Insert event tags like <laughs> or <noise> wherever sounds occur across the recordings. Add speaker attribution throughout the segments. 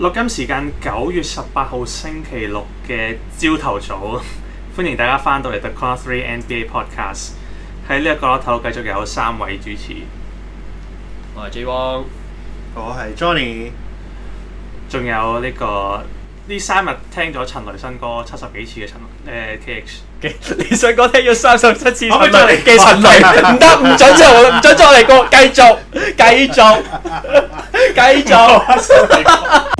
Speaker 1: 錄音時間九月十八號星期六嘅朝頭早， <laughs> 歡迎大家翻到嚟 The Corner 3 NBA Podcast。喺呢一個攞頭繼續有三位主持，我係 J Wong，我係 Johnny，仲有呢、這個呢三日聽咗陳雷新歌七十幾次嘅陳誒、呃、
Speaker 2: KX， <laughs> 你想講聽咗三十七次，我唔準再嚟記陳雷，唔得，唔準再唔準再嚟過，繼續繼續繼續。繼續 <laughs>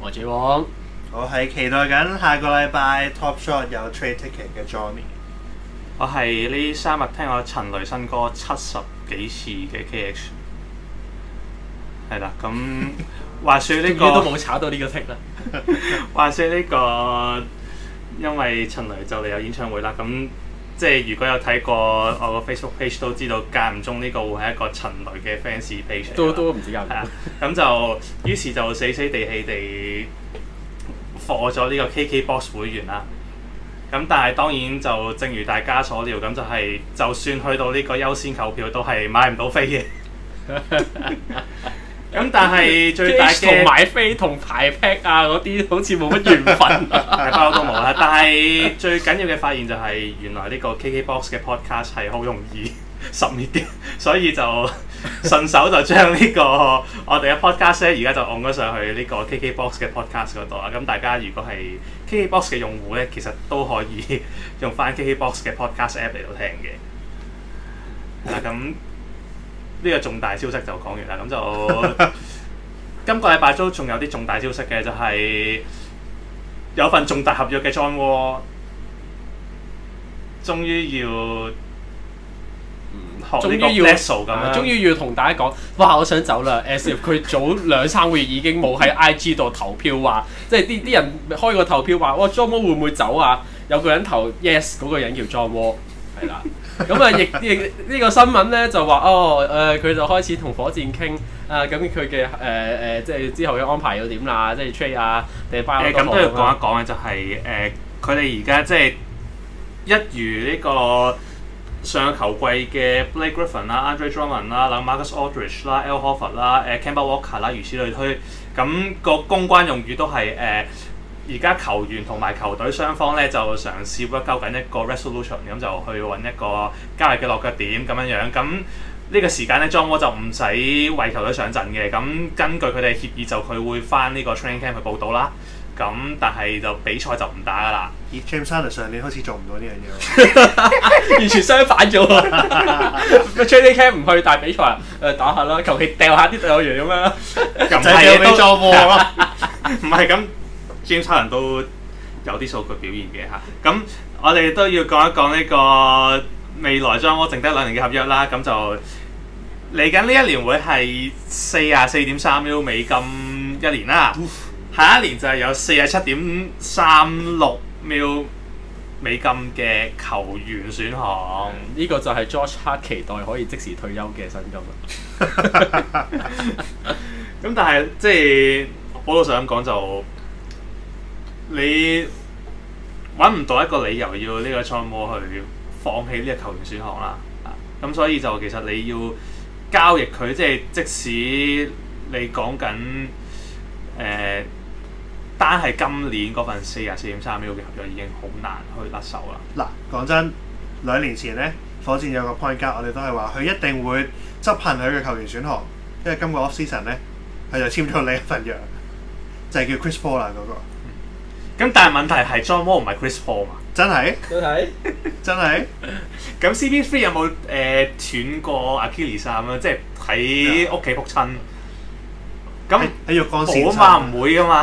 Speaker 1: 我係
Speaker 3: 王，我係期待緊下個禮拜 Top Shot 有 Trade Ticket 嘅 Johnny。
Speaker 1: 我係呢三日聽我陳雷新歌七十幾次嘅 KH。係啦，咁話說呢個都冇炒到呢個 tick 啦。話說呢個因為陳雷就嚟有演唱會啦，咁。即係如果有睇過我個 Facebook page 都知道間唔中呢個會係一個陳雷嘅 fans page，都都唔知間唔中，咁就於是就死死地氣地放咗呢個 KK box 會員啦。咁但係當然就正如大家所料，咁就係就算去到呢個優先購票都係買唔到飛嘅。 <laughs> <laughs> 咁但係最大同買飛同排 pack 啊嗰啲好似冇乜緣分，係花好多毛啦。但係最緊要嘅發現就係原來呢個 KKBOX 嘅 podcast 係好容易十滅嘅，所以就順手就將呢個我哋嘅 podcast 而家就按咗上去呢個 KKBOX 嘅 podcast 嗰度啦。咁大家如果係 KKBOX 嘅用戶咧，其實都可以用翻 KKBOX 嘅 podcast app 嚟到聽嘅。嗱咁、 <laughs> 啊。呢個重大消息就講完啦，咁就 <laughs> 今個禮拜都仲有啲重大消息嘅，就係、是、有份重大合約嘅 John Wall，
Speaker 2: 終於要，
Speaker 1: 終、嗯、於要，終於樣、啊、
Speaker 2: 要同大家講，哇！我想走啦，As if，佢早兩 <laughs> 三個月已經冇喺 IG 度投票話、啊，即係啲啲人開個投票話，哇、哦！John Wall 會唔會走啊？有個人投 yes 嗰、那個人叫 John Wall 係啦。咁啊，亦亦呢個新聞咧就話哦，誒、呃、佢就開始同火箭傾、呃呃呃、啊，咁佢嘅誒誒，即係之後嘅安排要點啦、就是，即係 trade 啊，定 fire 咁都要講一講嘅。就係誒佢哋而家即係一如
Speaker 1: 呢個上球季嘅 Blake Griffin 啦 And、啊、Andre Drummond 啦、嗱 Marcus Aldridge 啦、Al Horford 啦、誒 Kemba Walker 啦、啊，如此類推，咁、啊那個公關用語都係誒。啊而家球員同埋球隊雙方咧就嘗試 work 交緊一個 resolution，咁就去揾一個交易嘅落腳點咁樣樣。咁呢個時間咧 John Wall 就唔使為球隊上陣嘅。咁根據佢哋協議，就佢會翻呢個 training camp 去報到啦。咁但係就比賽就唔打噶啦。
Speaker 3: 而 James Harden 上年開始做唔到呢樣嘢，
Speaker 2: <laughs> 完全相反咗喎。個 <laughs> training camp 唔去，但係比賽誒打下咯，求其掉下啲隊友完咁啦，就掉俾助播咯，唔係咁。
Speaker 1: James Harden 都有啲數據表現嘅嚇，咁我哋都要講一講呢個未來將我剩低兩年嘅合約啦。咁就嚟緊呢一年會係四啊四點三秒美金一年啦，下一年就
Speaker 2: 係有四啊七點三六秒美金嘅球員選項。呢、嗯這個就係 Josh Hart 期待可以即時退休嘅薪金啦。咁但係即係我都想講就。
Speaker 1: 你揾唔到一個理由要呢個賽季去放棄呢個球員選項啦。咁所以就其實你要交易佢，即、就、係、是、即使你講緊誒單係今年份四廿四點三秒嘅合約已經好難去甩手啦。
Speaker 3: 嗱，講真兩年前咧，火箭有個 point guard 我哋都係話佢一定會執行佢嘅球員選項，因為今個 off season 咧佢就簽咗另一份約，就係、是、叫 Chris Paul 啦、
Speaker 1: er、嗰、那個。咁但係問題係 John Wall 唔係 Chris Paul 嘛？真係，真係，真係。咁 CP three 有冇誒斷過 Achilles 啊？即係喺
Speaker 2: 屋企仆親。咁喺肉幹線啊嘛，嘛、嗯，唔會噶嘛。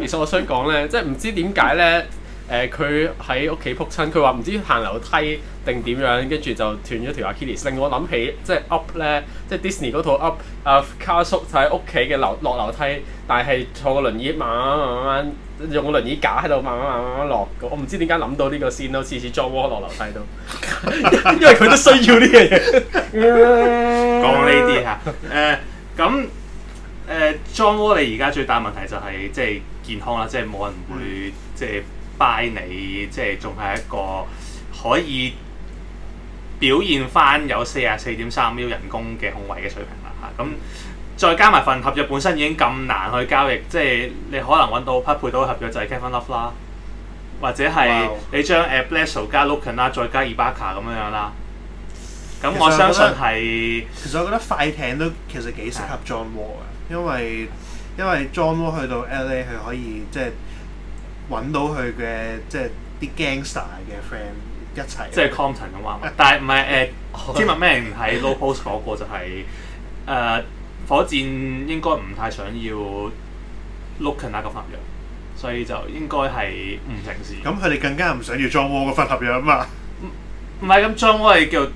Speaker 2: 其實我想講咧，即係唔知點解咧誒，佢喺屋企仆親，佢話唔知行樓梯定點樣，跟住就斷咗條 Achilles，令我諗起即係 Up 咧，即係 Disney 嗰套 Up 啊，卡叔喺屋企嘅樓落樓梯，但係坐個輪椅慢慢慢慢。用個輪椅架喺度，慢慢慢慢慢落。我唔知點解諗到呢個先咯，次次 John Wall 落樓梯度， <laughs> 因為佢都需要呢樣嘢。講呢啲吓，
Speaker 1: 誒、呃，咁誒，John、呃、Wall 你而家最大問題就係、是、即係健康啦，即係冇人會即係 buy 你，即係仲係一個可以表現返有四啊四點三 mil 人工嘅控衛嘅水平啦吓，咁、啊。再加埋份合約本身已經咁難去交易，即係你可能揾到匹配到合約就係 Kevin Love 啦，或者係你將 Bledsoe Wow.、呃、加 Lukon 啦，再加 Ibaka 咁樣樣啦。
Speaker 3: 咁我相信係，其實我覺得快艇都其實幾適合 John Wall 嘅，啊、因為因為 John Wall 去到 LA 佢可以即係揾到佢嘅即係、就、啲、是、gangster 嘅 friend 一齊，
Speaker 1: 即係 Compton 咁啊？ <laughs> 但係唔係，誒、呃，Timothy Man 喺 Low Post 講過就係、是、誒。呃火箭應該唔太想要 look in 那份合約，所以就應該係唔成事。咁
Speaker 3: 佢哋更加唔想要裝窩個份合約啊嘛。唔，
Speaker 1: 唔係咁裝窩，係叫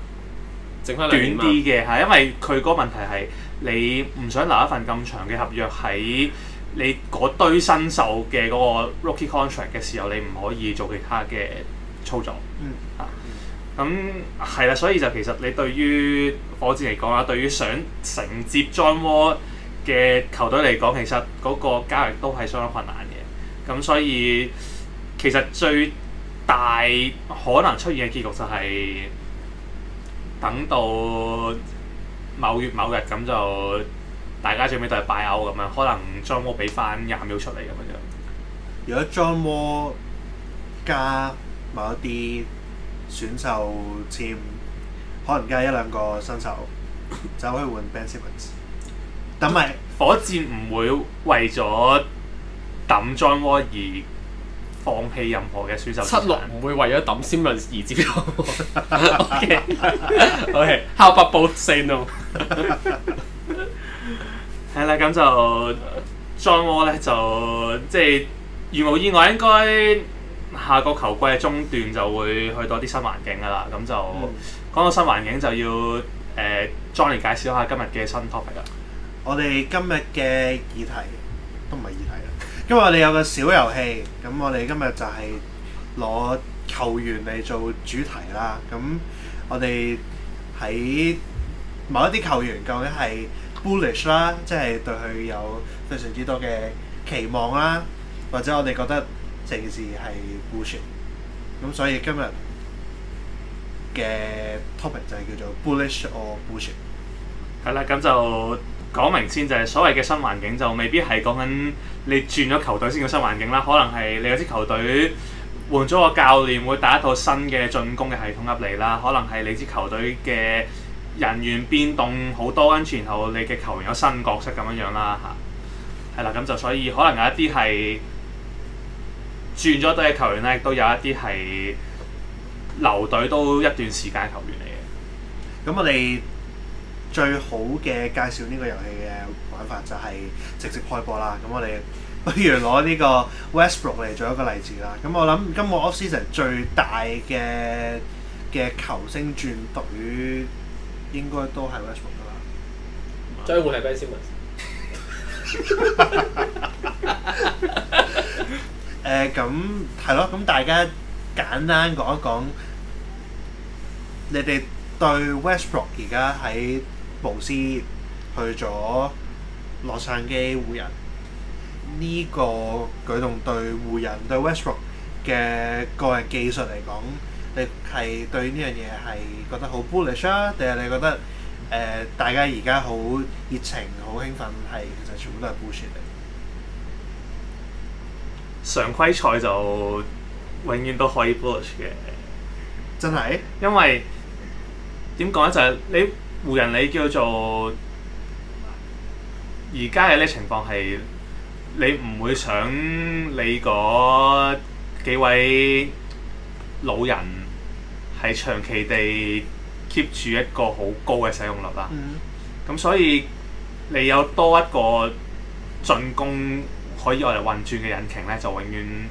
Speaker 1: 整翻短啲嘅。係因為佢嗰個問題係你唔想留一份咁長嘅合約喺你嗰堆新秀嘅嗰個 rookie contract 嘅時候，你唔可以做其他嘅操作。嗯。咁係啦，所以就其實你對於火箭嚟講啦，對於想承接 John Wall 嘅球隊嚟講，其實嗰個交易都係相當困難嘅。咁所以其實最大可能出現嘅結局就係、是、等到某月某日，咁就大家最尾都係拜歐咁樣，可能 John Wall 俾翻廿秒出嚟咁樣。
Speaker 3: 如果 John Wall 加某一啲，選秀簽可能加一兩個新手，就可以換 Ben Simmons。
Speaker 1: 等咪火箭唔會為咗抌 John
Speaker 2: Wall 而放棄任何嘅選秀。七六唔會為咗抌 Simmons 而接受。OK OK，How about both say no？
Speaker 1: 係啦，咁就 John Wall 咧，就即係如無意外，應該。下個球季中段就會去到啲新環境噶啦，咁就講，嗯、到新環境就要誒 Johnny 介紹下今日嘅新 topic 啦。我哋今日嘅議題都唔係議題啦，
Speaker 3: 今日我哋有個小遊戲，咁我哋今日就係攞球員嚟做主題啦。咁我哋喺某一啲球員究竟係 bullish 啦，即、就、係、是，對佢有非常之多嘅期望啦，或者我哋覺得。成件事係 bullshit，咁所以今日
Speaker 1: 嘅 topic 就係叫做 bullish or bullshit。係啦，咁就講明先，就係所謂嘅新環境就未必係講緊你轉咗球隊先叫新環境啦，可能係你有支球隊換咗個教練，會帶一套新嘅進攻嘅系統入嚟啦，可能係你支球隊嘅人員變動好多跟住，然後你嘅球員有新角色咁樣樣啦吓，係啦，咁就所以可能有一啲係。轉咗隊嘅球員呢，都有一啲係留隊都一段時間球員嚟嘅。
Speaker 3: 咁我哋最好嘅介紹呢個遊戲嘅玩法就係直接開波啦。咁我哋不如攞呢個 Westbrook、ok、嚟做一個例子啦。咁我諗今個 Offseason 最大嘅嘅球星轉隊應該都係 Westbrook、ok、啦。
Speaker 2: 將會係 Ben Simmons。
Speaker 3: 誒咁係咯，咁、呃嗯嗯嗯、大家簡單講一講，你哋對 Westbrook、ok、而家喺巫師去咗洛杉磯湖人呢、這個舉動對，對湖人對 Westbrook、ok、嘅個人技術嚟講，你係對呢樣嘢係覺得好 bullish 啊？定係你覺得誒、呃、大家而家好熱情、好興奮，係其實全部都係 bullshit 嚟？
Speaker 1: 常規賽就永遠都可以 bullish 嘅，真係的。因為點講咧？就係、是、你湖人，你叫做而家嘅呢情況係你唔會想你嗰幾位老人係長期地 keep 住一個好高嘅使用率啦。咁、嗯、所以你有多一個進攻。可以我哋運轉嘅引擎咧，
Speaker 2: 就永遠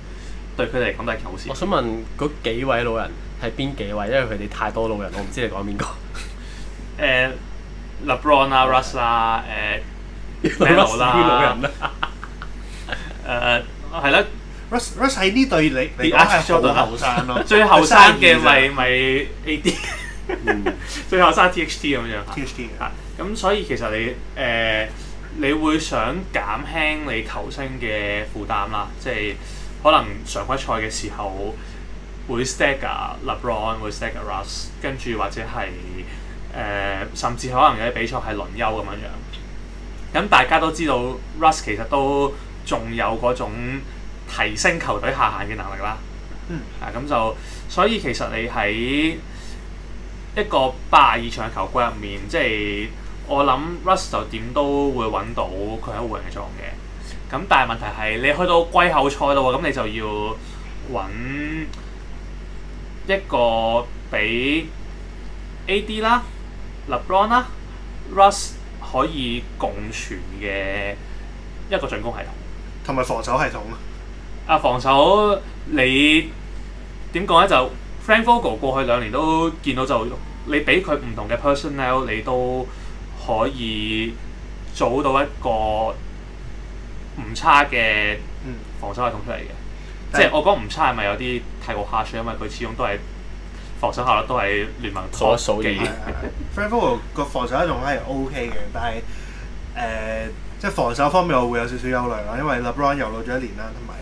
Speaker 2: 對佢哋嚟講都係好事。我想問嗰幾位老人係邊幾位？因為佢哋太多老人，我唔知你講邊個。誒，LeBron 啊，Russ 啊，
Speaker 1: 誒 Melo 啲老人啦，誒，係啦
Speaker 3: ，Russ，Russ 喺呢隊你，你阿 Jordan 後生咯，最後生嘅咪咪
Speaker 1: AD，最後生 THT 咁樣，THT 啊，咁所以其實你誒。你會想減輕你球星嘅負擔啦，即係可能常規賽嘅時候會 stagger 啊，LeBron 會 stagger Russ，跟住或者係誒、呃、甚至可能有啲比賽係輪休咁樣樣。咁大家都知道 Russ 其實都仲有嗰種提升球隊下限嘅能力啦。嗯。咁、啊、就所以其實你喺一個八十二場嘅球季入面，即係。我諗 Russ 就點都會揾到佢喺湖人嘅位置嘅。咁但係問題係你去到季後賽度，咁你就要揾一個俾 AD 啦、LeBron 啦、Russ 可以共存嘅一個進攻系統，同埋防守系統啊。防守你點講咧？就 Frank Vogel 過去兩年都見到就你俾佢唔同嘅 personnel，你都可以組到一個唔差嘅防守系統出嚟嘅，嗯、即係我講唔差係咪有啲太過 harsh 因為佢始終都係防守效率都係聯盟 top 嘅。
Speaker 3: Frank Vogel 個防守系統係 OK 嘅，但係誒、呃、即係防守方面我會有少少憂慮啦，因為 LeBron 又老咗一年啦，同埋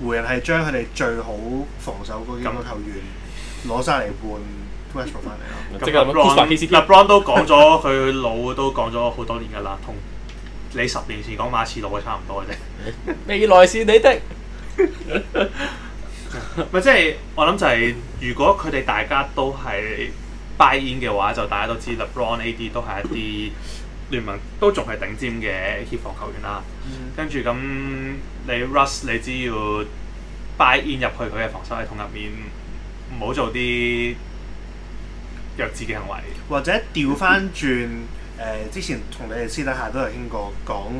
Speaker 3: 湖人係將佢哋最好防守啲咁嘅球員攞晒嚟換。
Speaker 1: grab 翻嚟咯。咁 LeBron，都講咗，佢老都講咗好多年噶啦，同 <laughs> 你十年前講馬刺老嘅差唔多嘅啫。未
Speaker 2: 來是你的。
Speaker 1: 咪 <laughs> <laughs> 即係我諗就係、是，如果佢哋大家都係 buy in 嘅話，就大家都知 LeBron AD 都係一啲聯盟都仲係頂尖嘅協防球員啦。嗯、跟住咁你 Russ，你只要 buy in 入去佢嘅防守系統入面，唔好做啲弱智嘅行為，
Speaker 3: 或者調翻轉誒，之前同你哋私底下都有傾過，講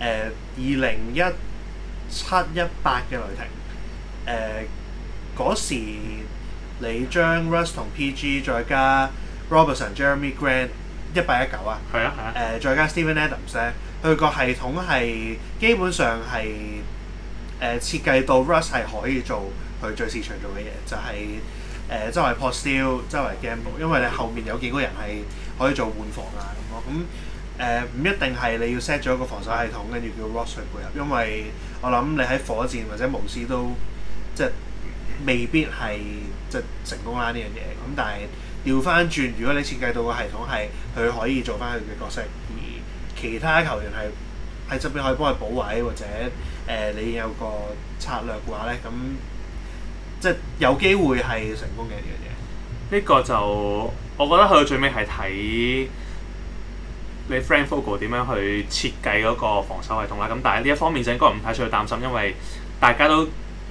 Speaker 3: 誒二零一七一八嘅雷霆誒嗰、呃、時，你將 Russ 同 PG 再加 Robertson、Jeremy Grant 一八一九啊，係啊係啊誒再加 Stephen Adams，佢個系統係基本上係誒、呃、設計到 Russ 係可以做佢最擅長做嘅嘢，就係、是。誒周圍破消，周圍，圍 gamble，因為你後面有幾個人係可以做換防啊咁咯，咁誒唔一定係你要 set 咗個防守系統跟住叫 roster 配合，因為我諗你喺火箭或者巫師都即係未必係即成功啦呢樣嘢，咁、嗯、但係調翻轉，如果你設計到個系統係佢可以做翻佢嘅角色，而其他球員係喺側邊可以幫佢補位或者誒、呃、你有個策略嘅話咧，咁、嗯。嗯
Speaker 1: 即係有機會係成功嘅呢樣嘢。呢個就我覺得去到最尾係睇你 Frank Vogel 點樣去設計嗰個防守系統啦。咁但係呢一方面就應該唔太需要擔心，因為大家都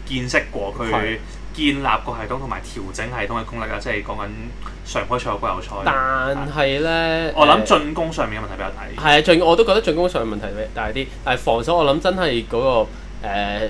Speaker 1: 見識過佢建立個系統同埋調整系統嘅功力啦。即係講緊
Speaker 2: 常規賽季後賽，但係呢，我諗
Speaker 1: 進攻上面嘅問題比較大。
Speaker 2: 係啊、嗯，進我都覺得進攻上面問題大啲。但誒防守我諗真係嗰、那個、呃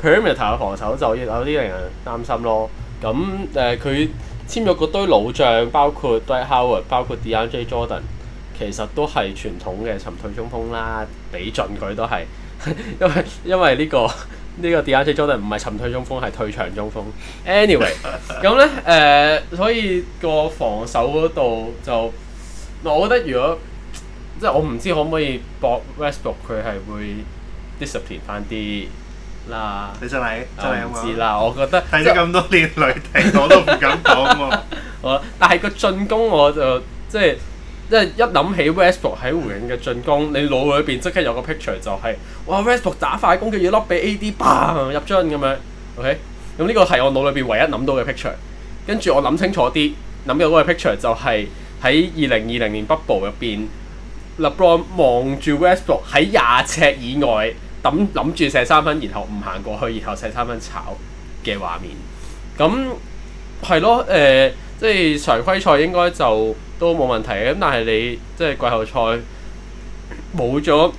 Speaker 2: Perimeter 嘅防守就有啲令人擔心咯。咁誒，佢、呃、簽咗嗰堆老將，包括 Dwight Howard，包括 DeAndre Jordan，其實都係傳統嘅沉退中鋒啦。俾進佢都係， <laughs> 因為因為呢個呢、這個 DeAndre Jordan 唔係沉退中鋒，係退場中鋒。Anyway，咁咧誒，所以個防守嗰度就，我覺得如果即係我唔知可唔可以博 Westbrook，ok、佢係會 discipline 翻啲。嗱，你真係真係有嘛！啦，我覺得睇咗咁多年雷霆， <laughs> 我都唔敢講喎、啊。 <laughs> 我但係個進攻我就即係即係一諗起 Westbrook 喺湖人嘅進攻，你腦裏邊即刻有個 picture 就係、是、哇 Westbrook 打快攻嘅要甩俾 AD bang 入樽咁樣。OK，咁呢個係我腦裏邊唯一諗到嘅 picture。跟住我諗清楚啲，諗到嗰個 picture 就係喺二零二零年 bubble 入邊，LeBron 望住 Westbrook 喺廿尺以外。諗諗住射三分，然後唔行過去，然後射三分炒嘅畫面，咁係咯，誒、呃，即係常規賽應該就都冇問題嘅，咁但係你即係季後賽冇咗，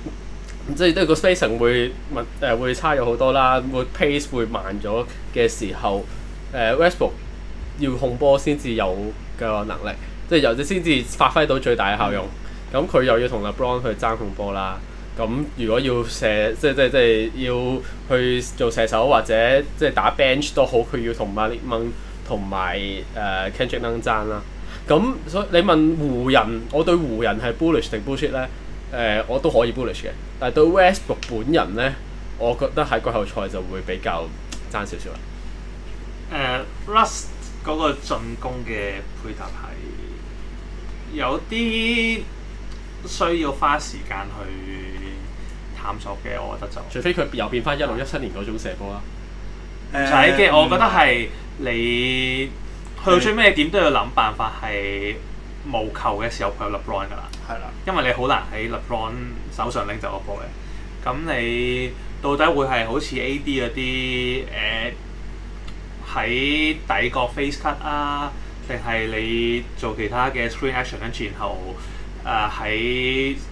Speaker 2: 即係都個 spacing 會問、呃、差咗好多啦，會 pace 會慢咗嘅時候，誒、呃、Westbrook、ok、要控波先至有嘅能力，即係由先至發揮到最大嘅效用，咁佢又要同 LeBron 去爭控波啦。咁如果要射，即係即係即係要去做射手或者即係打 bench 都好，佢要同馬利蒙同埋誒 Kendrick Nunn 爭啦。咁、嗯、所以你問湖人，我對湖人係 bullish 定 bullshit 咧？誒、呃、我都可以 bullish 嘅。但係對 Westbrook 本人咧，我覺得喺季後賽就會比較爭少少啦。誒
Speaker 1: Russ、uh, Russ 嗰個進攻嘅配搭係有啲需要花時間去。探索嘅，我覺得就除非
Speaker 2: 佢又變翻一六一七年嗰種射波啦，就係嘅。我覺得係你去到最
Speaker 1: 尾點、嗯、都要諗辦法係無球嘅時候配合 LeBron 噶啦，係啦的。因為你好難喺 LeBron 手上拎走個波嘅。咁你到底會係好似 AD 嗰啲誒喺底角 face cut 啊，定係你做其他嘅 screen action 跟住然後誒喺？呃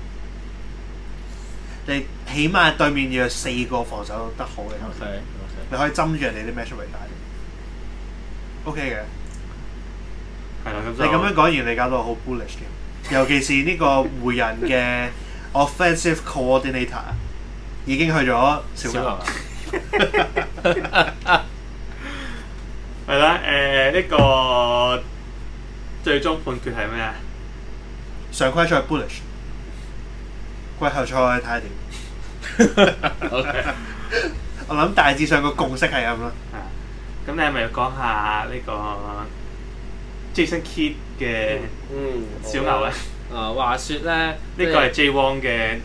Speaker 3: 你起碼對面要有四個防守得好嘅，你可以針住人哋啲 match rate 打。O K 嘅，係啦。咁你咁樣講完，你搞到好 bullish 嘅。尤其是呢個湖人嘅 offensive coordinator 已經去咗小牛啦。
Speaker 1: 係啦金，呢個最終判決係咩啊？
Speaker 3: 常規賽係 bullish。季後賽睇下
Speaker 1: 點。OK，我
Speaker 3: 諗大致上個共識係咁咯。係
Speaker 1: 咁 <laughs> 你係咪要講下呢個 Jason Kidd 嘅小牛咧？ <noise> 啊，話說咧，呢個係 J. Wong 嘅。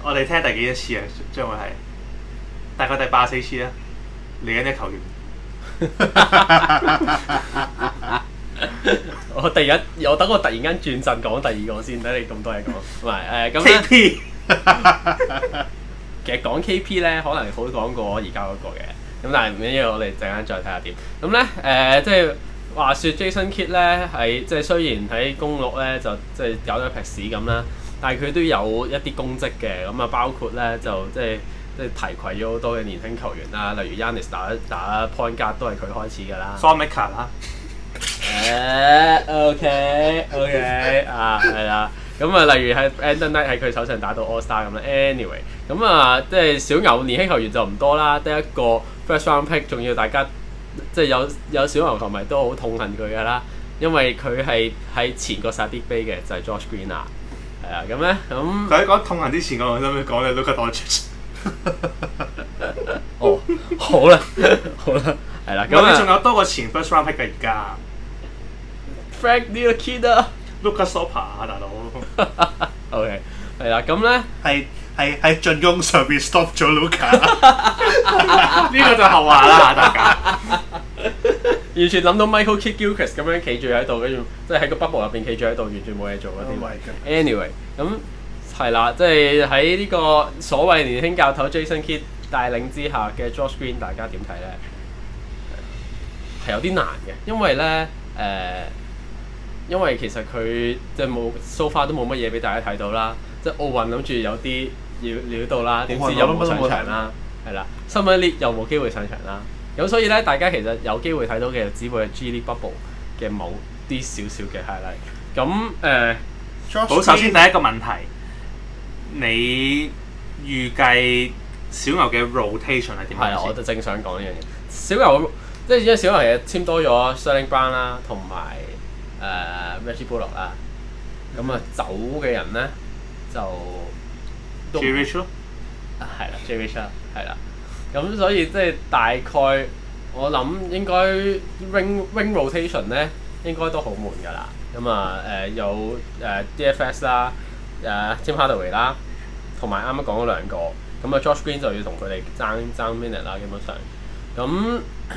Speaker 1: 我哋聽第幾多次啊？將會係
Speaker 2: 大概第八四次啦。嚟緊嘅球員。我突然，我等我突然間轉陣講第二個先，睇你咁多嘢講。唔係誒，咁。 <laughs> 其實講 K P 咧，可能好講過而家嗰個嘅，咁但係唔緊要，我哋陣間再睇下點。咁咧，誒、呃，即係話說 Jason k i t d 咧，係即係雖然喺公鹿咧就即係搞咗一撇屎咁啦，但係佢都有一啲功績嘅。咁啊，包括咧就即係即係提攜咗好多嘅年輕球員啦，例如 Yanis 打打 point 格都係佢開始噶啦。s a w m a 啦，誒，OK OK，啊係啊。咁啊，例如喺 End Night 喺佢手上打到 All Star 咁啦。Anyway，咁啊，即係小牛年輕球員就唔多啦，得一個 First Round Pick，仲要大家即係有有小牛球迷都好痛恨佢噶啦，因為佢係喺前個薩啲杯嘅就係 Josh Green 啊，係啊，咁咧咁喺講痛恨之前，我諗想講咧 Luke Douglas 哦，好啦，好啦，係啦，咁你仲有多個前
Speaker 1: First Round Pick 嘅而家？Frank Ntilikina。Luka stopper 啊，
Speaker 3: 大佬。OK，係啦，咁咧係係喺進攻上邊 stop 咗
Speaker 2: Luka 呢，就是，個就後話啦，大家。完全諗到 Michael Kidd-Gilchrist 咁樣企住喺度，跟住即係喺個 bubble 入邊企住喺度，完全冇嘢做啲位。Anyway 咁係啦，即係喺呢個所謂年輕教頭 Jason Kidd 帶領之下嘅 Josh Green，大家呢、呃、點睇咧？係有啲難嘅，因為咧誒。呃呃因為其實佢即係冇 so far 都冇乜嘢俾大家睇到啦，即係奧運諗住有啲要料到啦，點知又冇上場啦，係啦，Summer League 又冇機會上場啦，咁所以咧大家其實有機會睇到嘅只會係 G League Bubble 嘅某啲少少嘅 highlight。咁誒，
Speaker 3: 好，首、呃、Josh 先第一個
Speaker 2: 問題，Kane 你預計小牛嘅 rotation 係點樣？係啊，我都正想講呢樣嘢。小牛即係因為小牛嘅簽多咗 Shooting Guard 啦，同埋，誒 Reggie Bullock 啊，咁啊走嘅人咧就 J-Rich 啦 J-Rich 啦，咁所以即係大概我諗應該 Ring Ring Rotation 咧應該都好滿㗎啦，咁啊誒有誒 DFS 啦，誒 Tim Hardaway 啦，同埋啱啱講咗兩個咁啊 Josh Green 就要同佢哋爭爭 Minute 啦，基本上，咁。呃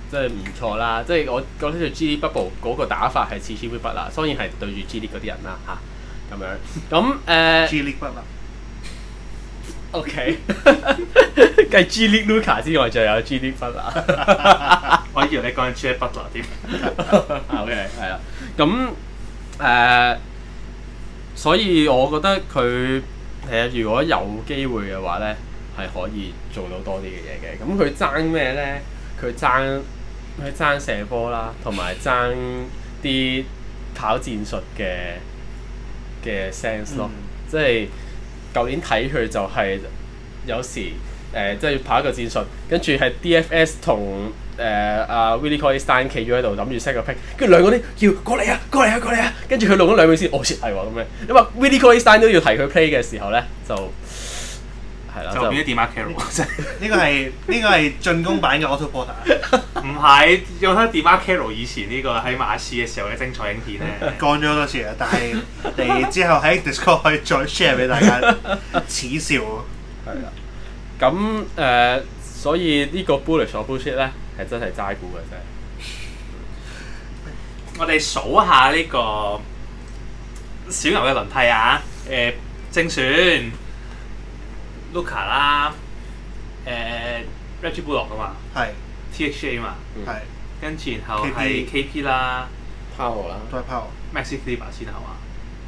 Speaker 2: 真係唔錯啦！即係我覺得就 G League Bubble 嗰個打法係似似不不啦，當然係對住 G League 嗰啲人啦吓，咁樣。咁誒、呃、，G League Bubble，OK。Er. Okay. <laughs> 繼 G League Luca 之外，就有 G League Bubble。可、er、 <laughs> <laughs> 以同你講 G League Bubble 添。OK，係啦。咁誒、呃，所以我覺得佢係啊，如果有機會嘅話咧，係可以做到多啲嘅嘢嘅。咁佢爭咩咧？佢爭。佢爭射波啦，同埋爭啲跑戰術嘅嘅 sense 咯。嗯、即係舊年睇佢就係有時誒，即、呃、係、就是、跑一個戰術，跟、呃啊、住係 DFS 同誒阿 Willie Cauley-Stein 企咗喺度諗住 set 個 pick，跟住兩個咧叫過嚟啊，過嚟啊，過嚟啊，跟住佢露咗兩秒先，哦，切係喎咁樣，因為 Willie Cauley-Stein 都要提佢 play 嘅時候咧就。就變咗 DeMarre Carroll，真呢個係呢、這個係進攻版嘅 Otto Porter，唔係有
Speaker 1: <laughs> DeMarre Carroll 以前呢、這個喺 <laughs> 馬刺嘅時候嘅精彩影片咧，講咗多次啦，但係你
Speaker 3: 之後喺 Discord 可以再 share 俾大家
Speaker 2: 恥笑。係啦， <laughs> 咁誒、呃，所以呢個 bullish or bullshit 咧係真係齋估嘅啫。
Speaker 1: 我哋數下呢個小牛嘅輪替啊，誒、呃、正選。Luca 啦，誒 Reggie Bullock 噶嘛，係是 THA 嘛，係跟住是然後係 KP 啦，Power 啦，都係 Power，Maxi Kleber 先嚇嘛，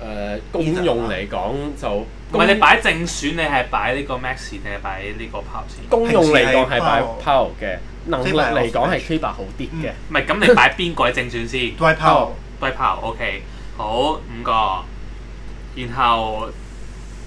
Speaker 2: 誒，功用嚟講就，唔係你
Speaker 1: 擺正選，你係擺呢個 Maxi 定係擺呢個 Power 先？功用嚟講係擺
Speaker 2: Power 嘅能力嚟講係 Kleber 好啲嘅。唔
Speaker 1: 係咁，你擺邊個係正選先？都係 <laughs> Power，都係 Power，OK，okay. 好五個，然後。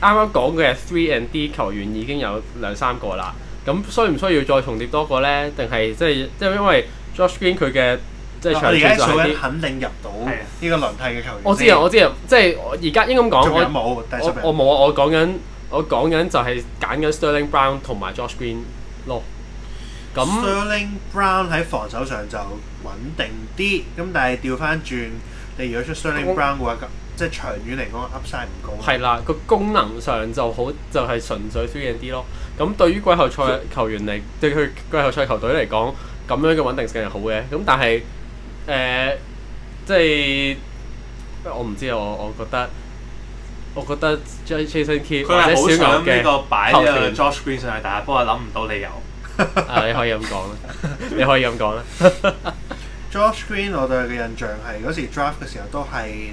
Speaker 2: 啱啱講嘅 three and D 球員已經有兩三個啦，咁需唔需要再重疊多個呢？定係即係即係因為 Josh Green 佢嘅即係長遠就肯定入到呢個輪替嘅球員，我。我知啊，我知啊，即係而家應該講，我我冇啊，我講緊我講緊就係揀緊 Sterling Brown 同埋 Josh Green 咯。咁 Sterling
Speaker 3: Brown 喺防守上就穩定啲，咁但係調翻轉，你如果出 Sterling Brown 嘅話我即係長遠嚟講
Speaker 2: ，Upside 唔高。係啦，個功能上就好，就係、是、純粹 3&D 嘅啲咯。咁對於季後賽球員嚟， <laughs> 對佢季後賽球隊嚟講，咁樣嘅穩定性係好嘅。咁但係誒、呃，即係我唔知啊，我我，我覺得，我覺得 Jason Key、這個、或者小牛嘅、這個擺啊 Josh Green 上嚟，大家幫我諗唔到理由。 <laughs> 啊，你可以咁講啦，你可以咁講啦。
Speaker 3: Josh Green 我對佢嘅印象係嗰時 Draft 嘅時候都係。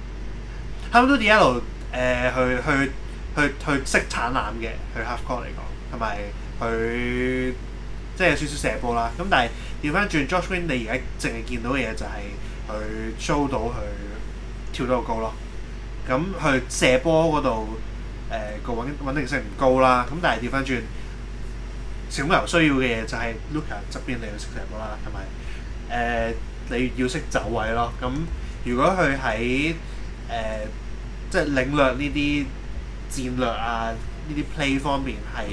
Speaker 3: 他都係一路誒去去去去識產卵嘅，去佢黑框嚟講，同埋佢即係少少射波啦。咁但係調翻轉，Josh Green 你而家淨係見到嘅嘢就係佢 show 到佢跳得好高咯。咁佢射波嗰度誒個穩穩定性唔高啦。咁但係調翻轉，小牛需要嘅嘢就係 Luka 側邊你要識射波啦，同埋誒你要識走位咯。咁如果佢喺誒、呃即係領略呢啲戰略啊，呢啲 play 方面係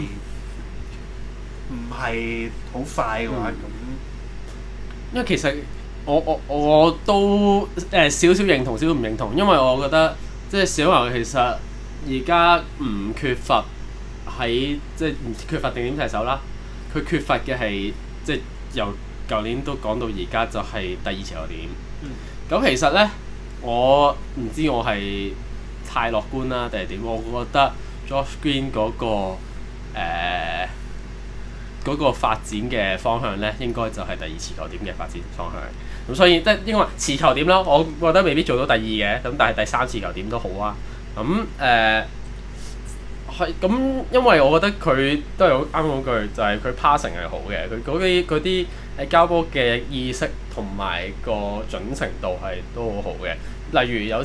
Speaker 3: 唔係好快嘅話咁？
Speaker 2: 因為其實我我我都誒、呃、少少認同，少少唔認同。因為我覺得即係小牛其實而家唔缺乏喺即係唔缺乏定點射手啦。佢缺乏嘅係即係由舊年都講到而家就係第二持球點咁。嗯、其實咧，我唔知我係。太樂觀啦，定係點？我覺得 Josh Green 嗰、嗰個誒嗰、呃嗰個、發展嘅方向呢，應該就係第二持球點嘅發展方向。咁所以即係應該持球點咯，我覺得未必做到第二嘅，咁但係第三持球點都好啊。咁誒係咁，呃、因為我覺得佢都係好啱嗰句，就係、係、佢 passing 係好嘅，佢嗰啲嗰交波嘅意識同埋個準程度係都好好嘅。例如有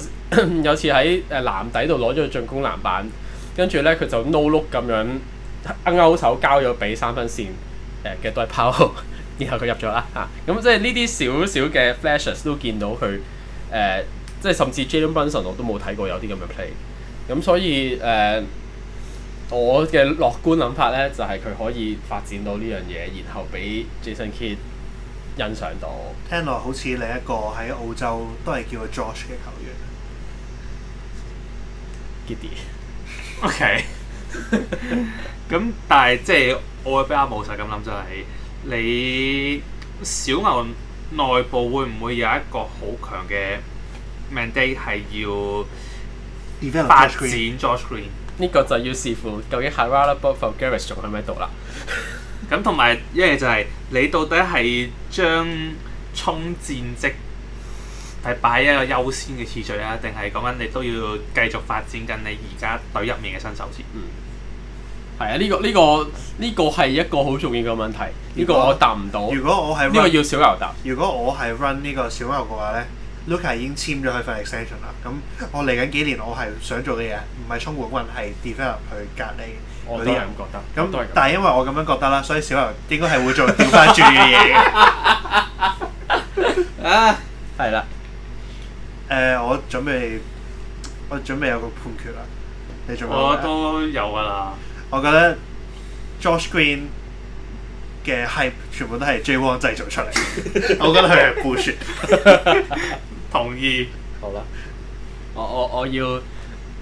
Speaker 2: 有次喺誒籃底度攞咗進攻籃板，跟住咧佢就 no look 咁樣勾手交咗俾三分線誒嘅對跑，呃就是、ow，然後佢入咗啦嚇。咁、啊、即係呢啲小小嘅 flashes 都見到佢誒、呃，即係甚至 Jalen Brunson 我都冇睇過有啲咁嘅 play。咁所以誒、呃，我嘅樂觀諗法咧就係、是、佢可以發展到呢樣嘢，然後俾 Jason Kidd。印象到，聽落好
Speaker 3: 似另一個喺澳洲都係叫佢 Josh 嘅球員
Speaker 2: ，Giddy。
Speaker 1: OK。咁但係即係我會比較務實咁諗就係、是，你小牛內部會
Speaker 2: 唔會有一個好強嘅 mandate 係要發展、e、Josh Green？呢個就要視乎究竟 Haralabos Voulgaris 仲喺唔喺度啦。 <laughs> 咁同埋一嘢就係、是、你到底係將衝戰
Speaker 1: 績係擺喺一個優先嘅次序啊，定係講緊你都要繼續發
Speaker 2: 展緊你而家隊入面嘅新手先？嗯，係啊，呢、呢個呢、呢個呢、呢個係一個好重要嘅問題。呢果個我答唔到。如果我係呢個要小牛答，
Speaker 3: 如果我係 run 呢個小牛嘅話咧，Luka 已經簽咗佢份 extension 啦。咁我嚟緊幾年我係想做嘅嘢，唔係衝冠軍，係 develop 去隔離。我啲人咁覺得，咁那但係因為我咁樣覺得啦，所以小牛應該係會做調翻轉嘅嘢啊，係啦。誒、呃，我準備，我準備有個判決啦。你準備？我都有噶啦。我覺得，Josh Green 嘅 hype 全部都係 J1 製造出嚟， <laughs> <laughs> 我覺得佢係謠傳。
Speaker 2: 同意。好啦。我我我，我要。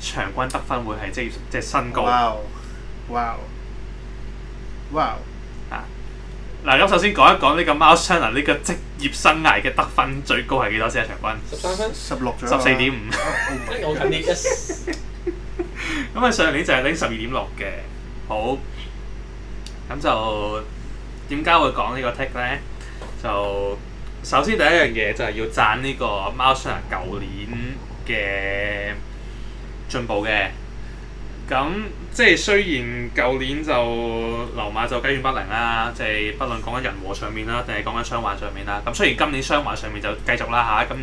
Speaker 1: 場均得分會係職業即係新高。哇！哇！哇！啊！嗱，咁首先講一講呢個 Myles 呢個職業生涯嘅得分最高係幾多先啊？場均十三分，十六咗，十四點五。即係我近啲一。咁啊，上年就係拎十二點六嘅。好，咁就點解會講呢個 take 咧？就首先第一樣嘢就係要讚呢個 Myles 舊年嘅。進步嘅，咁即係雖然舊年就溜馬就雞犬不寧啦，即係不論講緊人和上面啦，定係講緊傷患上面啦。咁雖然今年傷患上面就繼續啦嚇，咁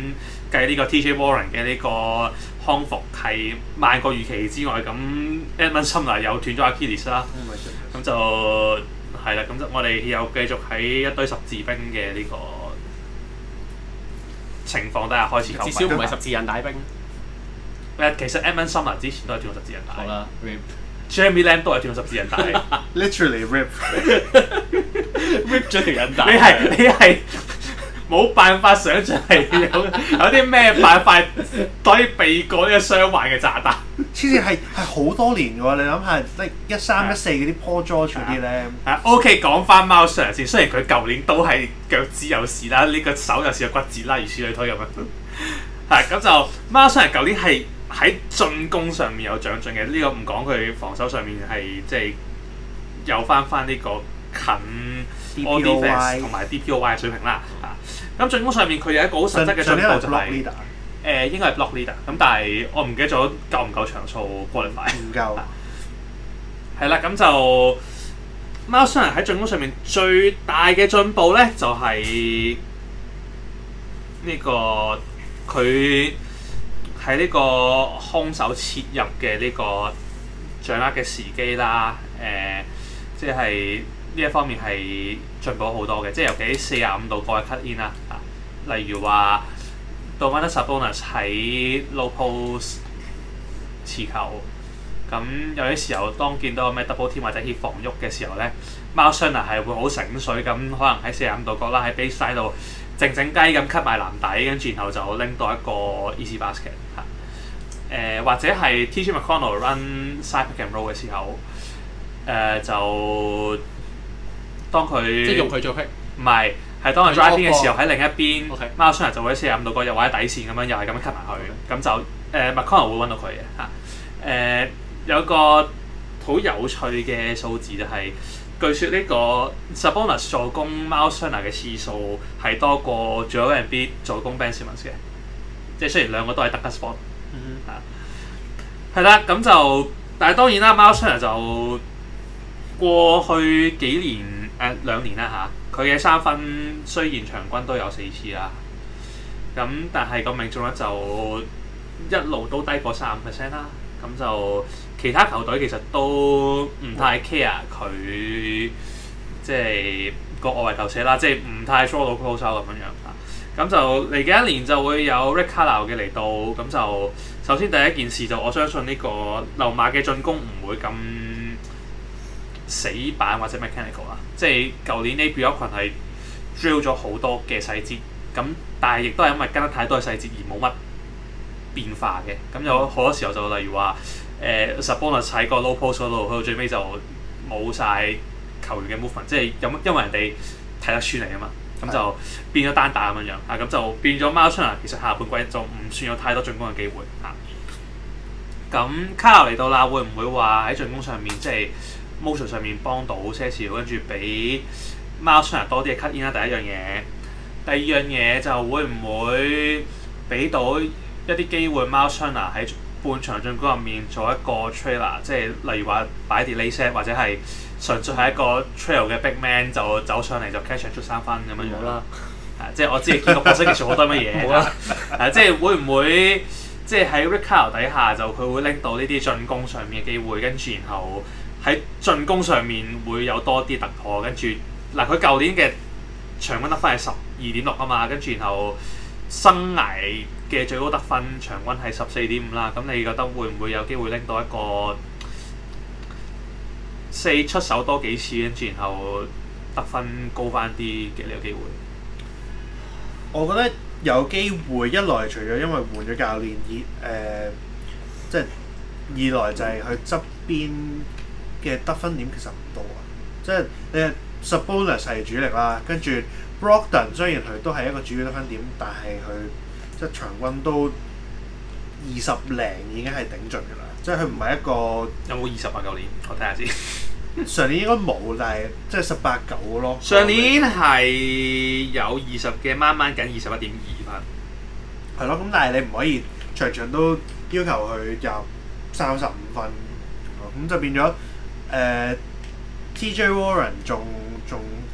Speaker 1: 計呢個 TJ Warren 嘅呢個康復係慢過預期之外，咁 Edmond Sumner 又斷咗 Achilles 啦，咁、oh、my 就係啦，咁我哋又繼續喺一堆十字兵嘅呢個情況底下開始投。至少唔係十字韌帶兵。誒，其實 Edmond Sumner 之前都係斷咗十字韌帶。好啦，Rip Jeremy Lamb 都係斷咗十字韌帶。Literally Rip Rip 咗條韌帶。你係，你係冇辦法想象係有 <laughs> 有啲咩辦法可以避過呢個傷患嘅炸彈。
Speaker 3: 黐線，係，係好多年嘅喎，你諗下，即一三一四嗰啲 Paul George 嗰啲咧。
Speaker 1: OK，講翻貓 sir 先，雖然佢舊年都係腳趾有事啦，呢個手又試個骨折啦，如鼠女推咁樣。 <laughs> 係咁、嗯、就貓山人舊年係喺進攻上面有長進嘅，呢、這個唔講佢防守上面係即係有翻翻呢個近 All Defense 同埋 DPOY 嘅水平啦。咁、嗯、進攻上面佢有一個好實質嘅進步就係、是、誒、呃、應該係 block leader，咁但係我唔記得咗夠唔夠場數過嚟快唔夠係啦。咁、 <laughs> 嗯、就貓山人喺進攻上面最大嘅進步咧，就係、是、呢、這個。佢喺呢個空手切入嘅呢個掌握嘅時機啦，誒、呃，即係呢一方面係進步好多嘅，即係尤其四廿五度角嘅 cut in 啦，啊，例如話到 win t sub bonus 喺 low pose 持球，咁有啲時候當見到咩 double team 或者 h 防喐嘅時候咧，貓雙啊係會好醒水咁，可能喺四廿五度角啦，喺 base side 度。靜靜雞咁吸埋籃底，跟住然後就拎到一個 easy basket 嚇、啊。誒、呃、或者係 TJ 麥康勞 run side pick and roll 嘅時候，誒、啊、就當佢即用佢做 pick，唔係係當佢 driving 嘅時候，喺另一邊。OK。馬庫斯就可以先引到個又或者底線咁樣，又係咁樣 cut 埋佢，咁 Okay、嗯、就、啊、McConnell 會揾到佢嘅嚇。誒、啊啊、有個好有趣嘅數字就係、是。據說呢個 Sabonis 助攻 Myles Turner 嘅次數係多過仲有 n n y b 助攻 Ben Simmons 嘅，即係雖然兩個都係特質分，嗯哼嚇，係啦咁就，但係當然啦，Myles Turner 就過去幾年誒兩年啦嚇，佢嘅三分雖然場均都有四次啦，咁但係個命中率就一路都低過三五 percent 啦，咁就。其他球隊其實都唔太 care 佢即係個外圍投射啦，即係唔太 draw 到 proshow 咁樣。咁就嚟緊一年就會有 Rick Carlisle 嘅嚟到，咁就首先第一件事就我相信呢個溜馬嘅進攻唔會咁死板或者 mechanical 啊。即係舊年呢 Bjorkgren drill 咗好多嘅細節，咁但係亦都係因為跟得太多嘅細節而冇乜變化嘅。咁有好多時候就例如話。誒 support 喺個 low post 嗰度，去到最尾就冇晒球員嘅 movement，即係因因為人哋睇得出嚟啊嘛，咁的就變咗單打咁樣樣，啊咁就變咗 Mao u Myles Turner，其實下半季就唔算有太多進攻嘅機會嚇。咁、啊、卡勞嚟到啦，會唔會話喺進攻上面即係、就是、motion 上面幫到些少，跟住俾 Myles Turner 多啲嘅 cut in 啦？第一樣嘢，第二樣嘢就會唔會俾到一啲機會 Myles Turner 喺？半場進攻入面做一個 trailer，即係例如話擺啲 layup 或者係純粹係一個 trail 嘅 big man 就走上嚟就 catch and shoot 出三分咁樣樣。啦了、啊，即係我知見個分析得出好多乜嘢了、啊。即係會唔會即係喺 Rick Carlisle 底下就佢會拎到呢啲進攻上面嘅機會，跟住然後喺進攻上面會有多啲突破，跟住嗱佢舊年嘅場均得分係十二點六啊嘛，跟住然後生涯。嘅最高得分場均係十四點五啦。咁你覺得會唔會有機會拎到一個四出手多幾次跟住，然後得分高返啲嘅呢個機會？
Speaker 3: 我覺得有機會。一來，除咗因為換咗教練，二誒、呃、即係二來就係佢側邊嘅得分點其實唔多啊。即係你 Sabonis 係主力啦，跟住 Brogdon a 雖然佢都係一個主要得分點，但係佢。即係場均都二十零已經係頂盡嘅啦，即係佢唔係一個有冇二
Speaker 1: 十，看看 <laughs> 二十八九年
Speaker 3: 我睇下先，上年應該冇，但係即係十八九咯。上
Speaker 1: 年係有二十嘅，掹掹緊二十一點二分，係咯。咁但係你唔可以
Speaker 3: 場場都要求佢入三十五分，咁就變咗誒、呃、TJ Warren 仲仲。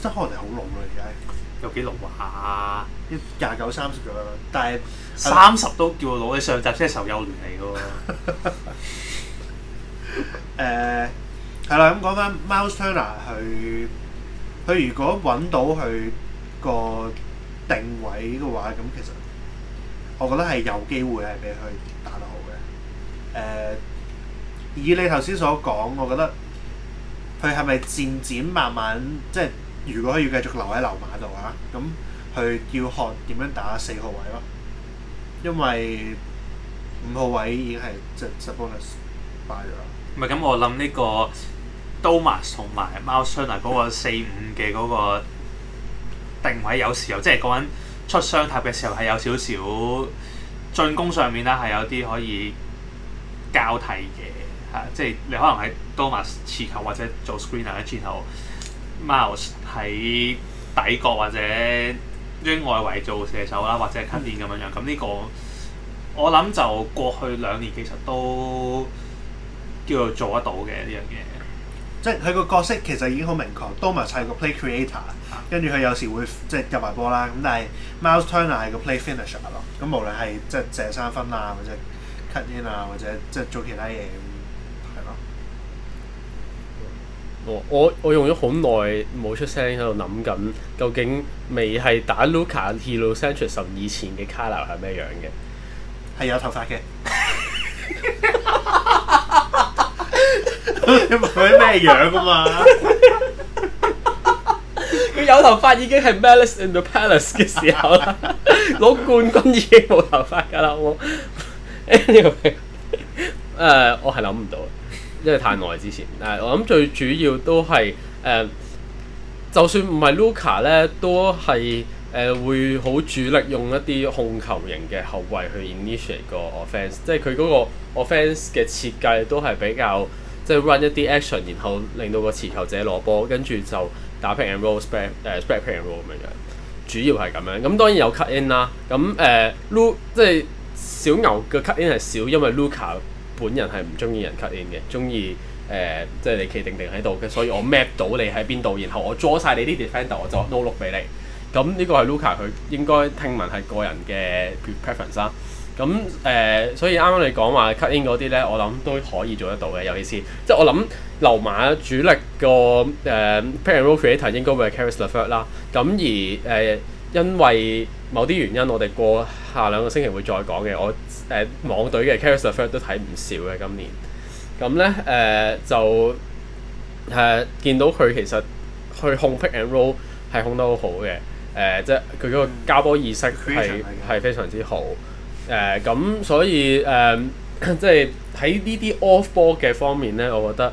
Speaker 3: 即可能係好老咯，啊，而家
Speaker 1: 有幾老啊？廿九、三十咗，但係三十都叫老，攞你上集先係受幼聯嚟嘅喎。誒、 <laughs> 呃，
Speaker 3: 係、嗯、啦。咁講翻，Myles Turner，佢佢如果揾到佢個定位嘅話，咁其實我覺得係有機會係俾佢打得好嘅。誒、呃，以你頭先所講，我覺得佢係咪漸漸慢慢即係？就是如果要繼續留喺溜馬度啊，咁佢要學點樣打四號位咯。因為五號位已經係即係 supposed bye 咗啦。
Speaker 1: 唔係，咁我諗呢個 Domas 同埋 Myles Turner 嗰個四五嘅嗰個定位，有時候即係嗰個人出雙塔嘅時候係有少少進攻上面啦，係有啲可以交替嘅，係、啊、即係你可能喺 Domas 持球，或者做 screener 喺、啊、前後。Myles 喺底角或者喺外圍做射手啦，或者係 cut in 咁、嗯、樣樣咁，呢個我諗就過去兩年其實都叫做做得到嘅呢樣嘢。
Speaker 3: 即係佢個角色其實已經好明確，Thomas 係個 play creator，跟住佢有時會即係入埋波啦。咁但係 Myles Turner 係個 play finisher 咯。咁無論係即係射三分啊，或者 cut in 啊，或者即係做其他嘢。
Speaker 2: 我我、oh, 用咗好耐冇出聲喺度諗緊，究竟未係打 l u c a 去到 c e n t r i o n 以前嘅卡拉 r 係咩樣嘅？係有頭髮嘅。你問佢咩樣啊嘛？佢 <laughs> 有頭髮已經係 m a l i c e in the Palace 嘅時候啦，攞 <laughs> 冠軍已經冇頭髮㗎啦我，Anyway，誒、 <laughs> 呃、我係諗唔到。因為太耐之前，但誒我諗最主要都係誒、呃，就算唔係 Luka 咧，都係誒、呃、會好主力用一啲控球型嘅後衛去 initiate 個 offense 即係佢嗰個 offense 嘅設計都係比較即係 run 一啲 action，然後令到個持球者攞波，跟住就打 pick and roll spread 誒、uh, spread pick and roll 咁樣，主要係咁樣。咁當然有 cut in 啦，咁誒 Lu 即係小牛嘅 cut in 係少，因為 Luka。本人係唔中意人 cut in 嘅，中意誒即係你企定定喺度嘅，所以我 map 到你喺邊度，然後我捉晒你啲 defender，我就 no look 俾你。咁、嗯、呢、這個係 Luka 佢應該聽聞係個人嘅 preference 啦、啊。咁、嗯、誒、呃，所以啱啱你講話 cut in 嗰啲咧，我諗都可以做得到嘅，尤其是即係我諗溜馬主力個誒 parallel creator 應該會係 Caris LeVert 啦、啊。咁、嗯、而誒、呃、因為。某啲原因，我哋過下兩個星期會再講嘅。我誒、呃、網隊嘅 character 都睇唔少嘅今年。咁咧誒就誒、呃、見到佢其實去控 pick and roll 係控得好好嘅。誒、呃、即係佢嗰個交波意識係係、嗯、非常之好。誒、呃、咁所以誒、呃、即係喺呢啲 off ball 嘅方面咧，我覺得。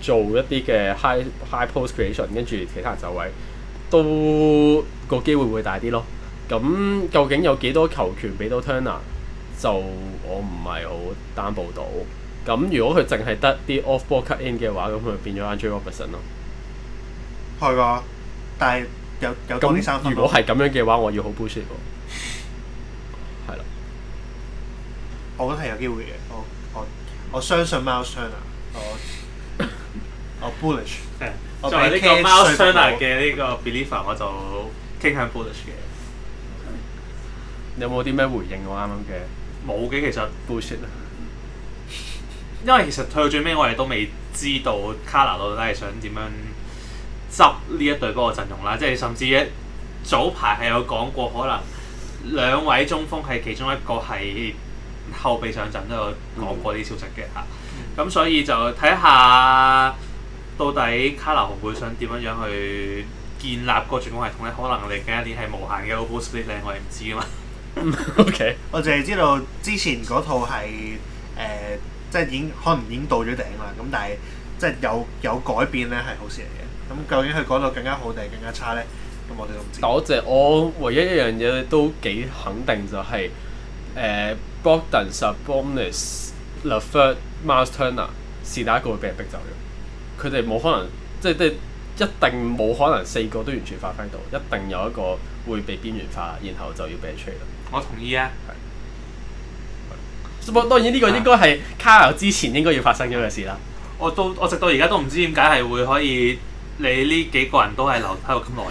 Speaker 2: 做一啲嘅 high high post creation，跟住其他人走位，都個機會會大啲咯。咁、嗯、究竟有幾多球權俾到 Turner？就我唔係好擔保到。咁、嗯、如果佢淨係得啲 off ball cut in 嘅話，咁佢變咗 a 翻 Jewel Person 咯。
Speaker 3: 係噶，但係有有咁、嗯、如果係咁
Speaker 2: 樣嘅話，我要好 bullish 嚟喎。係啦 <laughs>
Speaker 3: 了，我覺得係有機會嘅。我我我，我相信 Myles Turner。我 turn、er,。
Speaker 2: 哦、oh，bullish。誒，作為呢個 Myles Turner 嘅呢個 believer，我就傾向 bullish 嘅。Okay. 有冇啲咩
Speaker 1: 回應我剛剛？我啱啱嘅冇嘅，其實 bullshit 因為其實退到最尾，我哋都未知道卡拿到底係想點樣執呢一隊波嘅陣容啦。即係甚至早排係有講過，可能兩位中鋒係其中一個係後備上陣都有講過啲消息嘅嚇。咁、mm hmm. 所以就睇下。到底卡拿會想點樣樣去建立個傳統系統咧？可能嚟緊一年係無限嘅 Oppo Split 領，我哋唔知啊嘛。 <laughs> O.K. 我淨係知道之前套係誒、呃、即係已經可能已經到咗
Speaker 3: 頂啦。咁但係即係有有改變咧，係好事嚟嘅。咁究竟佢講到更加好定係更加差咧？咁我哋都唔
Speaker 2: 知。多謝,謝我唯一一樣嘢都幾肯定就係誒 Brogdon、Sabonis、LeVert、Myles Turner 啊，是第一個會俾人逼走嘅。佢哋冇可能，即係即係一定冇可能四個都完全發揮到，一定有一個會被邊緣化，然後就要被 trade 啦。我同意啊。係。我當然呢個應該係卡 a 之前應該要發生咗嘅
Speaker 1: 事啦，啊。我都我直到而家都唔知點解係會可以，你呢幾個人都係留喺度咁耐。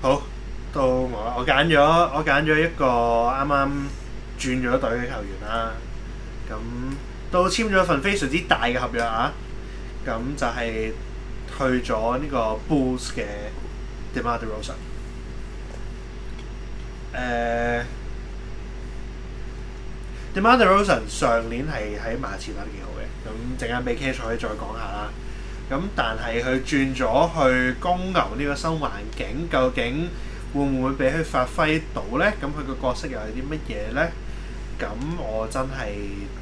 Speaker 1: 好，
Speaker 3: 到我啦。我揀咗我揀咗一個啱啱轉咗隊嘅球員啦。咁。都簽咗一份非常之大嘅合約啊！咁就係去咗呢個 Bulls 嘅 DeMar DeRoz、呃、an 誒 DeMar DeRozan 上年係喺馬刺打得幾好嘅，咁陣間俾 Kesh 可以再講下啦。咁但係佢轉咗去公牛呢個新環境，究竟會唔會俾佢發揮到咧？咁佢個角色又係啲乜嘢咧？咁我真係～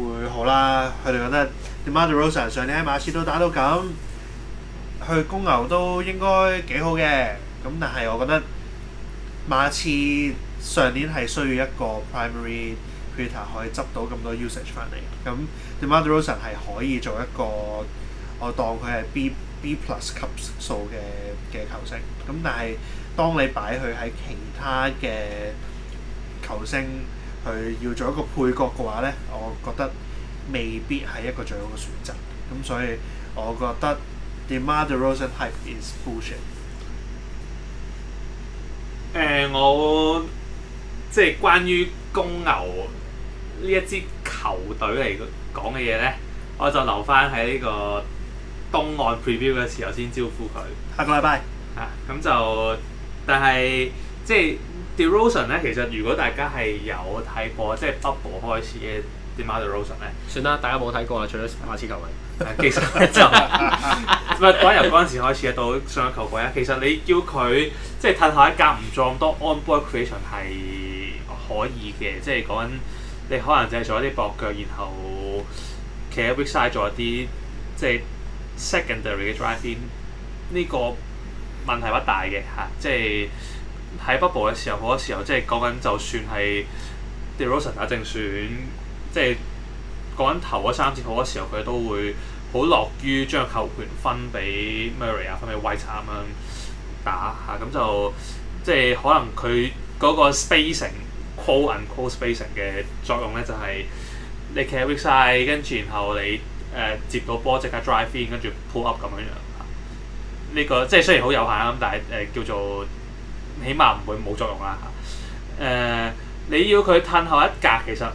Speaker 3: 會好啦，佢哋覺得 DeMar DeRozan 上年喺馬刺都打到咁，去公牛都應該幾好嘅。咁但係我覺得馬刺上年係需要一個 primary hitter 可以執到咁多 usage 翻嚟。咁 DeMar DeRozan 係可以做一個，我當佢係 B B plus 級數嘅嘅球星。咁但係當你擺佢喺其他嘅球星。佢要做一個配角嘅話呢，我覺得未必係一個最好嘅選擇。咁所以我覺得 DeMar DeRozan hype is foolish。誒，
Speaker 1: 我即係關於公牛呢一支球隊嚟講嘅嘢呢，我就留翻喺呢個東岸 preview 嘅時候先招呼佢。下個禮拜，拜啊，咁就但係即係。DeRozan 咧，其實如果大家係有睇過，即係 Bubble 開始嘅 DeMar DeRozan 咧，算啦，大家冇睇過啦，除咗馬刺球鬼。 <laughs> 其實就唔係講由嗰陣時開始到上一球季啊。其實你叫佢即係褪下一間，唔做咁多 on-ball creation 係可以嘅。即係講你可能就係做一啲薄腳，然後企喺 weak side 做一啲即係 Secondary 嘅 drive in，呢個問題不大嘅嚇，即係。喺 Bubble 嘅時候好多時候，即係講緊就算係 DeRozan 打正選，即係講緊頭嗰三節好多時候，佢都會好樂於將球權分俾 Murray 啊，分俾 White 襯咁樣打嚇，咁就即係可能佢嗰個 spacing, spacing、call and call spacing 嘅作用咧，就係、是、你企喺 weakside，跟住然後你誒、呃、接到波即刻 drive in，跟住 pull up 咁樣樣呢、啊呢個即係雖然好有限啊，但係誒、呃、叫做。起碼唔會冇作用啦嚇。誒、呃，你要佢褪後一格，其實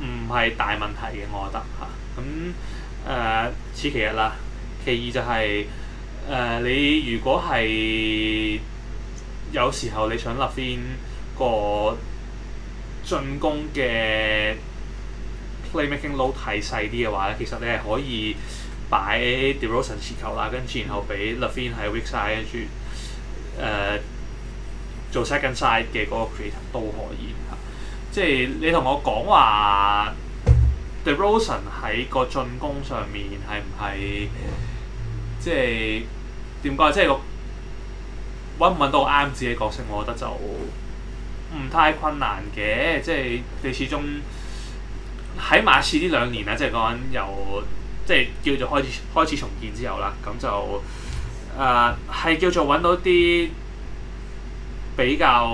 Speaker 1: 唔係大問題嘅，我覺得嚇。咁、啊、誒、呃，此其一啦。其二就係、是、誒、呃，你如果係有時候你想立 a f i n 個進攻嘅 playmaking l o a d 睇細啲嘅話咧，其實你係可以擺 d e p o s i t o n 持球啦，跟住然後俾立 a f i n 喺 weak side 跟住誒。呃做 second side 嘅嗰個 creator 都可以嚇、啊，即係你同我講話，DeRozan 喺個進攻上面係唔係，即係點講？即係、嗰個揾唔揾到啱自己角色，我覺得就唔太困難嘅。即係你始終喺馬刺呢兩年啊，即係講緊由即係叫做開始開始重建之後啦，咁就誒係、啊、叫做揾到啲。比較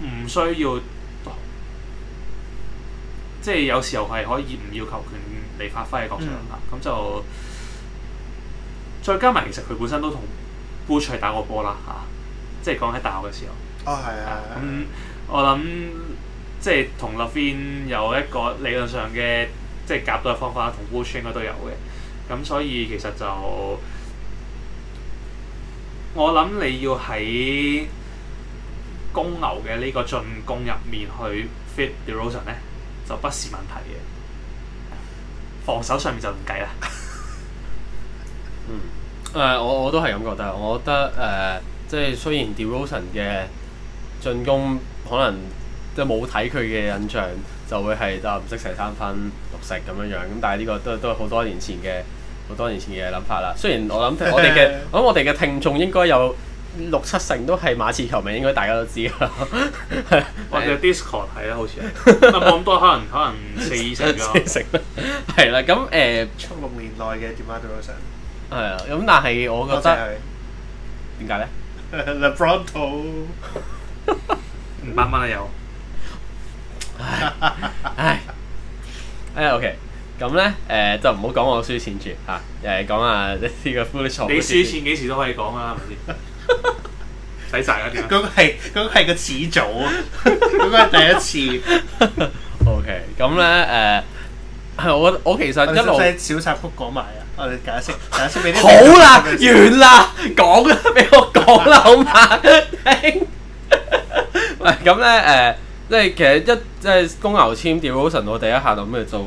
Speaker 1: 唔需要，即係有時候係可以唔要求權嚟發揮嘅角色啦。咁、嗯、就再加埋，其實佢本身都同 Vucevic 打過波啦嚇，即係講喺大學嘅時候。哦，係啊。咁我諗即係同 LaVine 有一個理論上嘅即係夾對方法，同 Vucevic 應該都有嘅。咁所以其實就～我諗你要喺公牛嘅呢個進攻入面去 fit DeRozan 咧，就不是問題嘅。
Speaker 2: 防守上面就唔計啦。 <laughs> 嗯，呃、我我都係咁覺得，我覺得誒、呃，即係雖然 DeRozan 嘅進攻可能即係冇睇佢嘅印象，就會係就唔識射三分、獨食咁樣樣，咁但係呢個都都係好多年前嘅。我好多年前嘅諗法啦，雖然我諗我哋嘅， <laughs> 我諗我哋嘅聽眾應該有六七成都係馬刺球迷，應該大家都知啦。我哋 Discord 係啦，好似，啊冇咁多，可能可能四成。 <laughs> 四成的？係 <laughs> 啦，咁、嗯、誒，六年內嘅 DeMar DeRozan 係啊，咁、嗯、但係、嗯、我覺得點解咧？LeBron 五百啱啊有 <laughs> <laughs> <laughs> <laughs> 唉，唉唉唉，唉，唉，唉，唉 OK。咁咧，誒就唔好講我輸錢住嚇。誒講啊，呢啲 full 錯。你輸錢幾時都可以講啦，係咪
Speaker 1: 先？使晒嗰啲，嗰個
Speaker 2: 係嗰個係個始祖，嗰個係第一次。OK，咁咧，誒我我其實一路小插曲講埋啊。我哋解釋解釋俾好啦，完啦，講啦，俾我講啦，好嘛？喂，咁咧，誒即係其實一即係公牛簽 DeRozan 我第一下就咩做。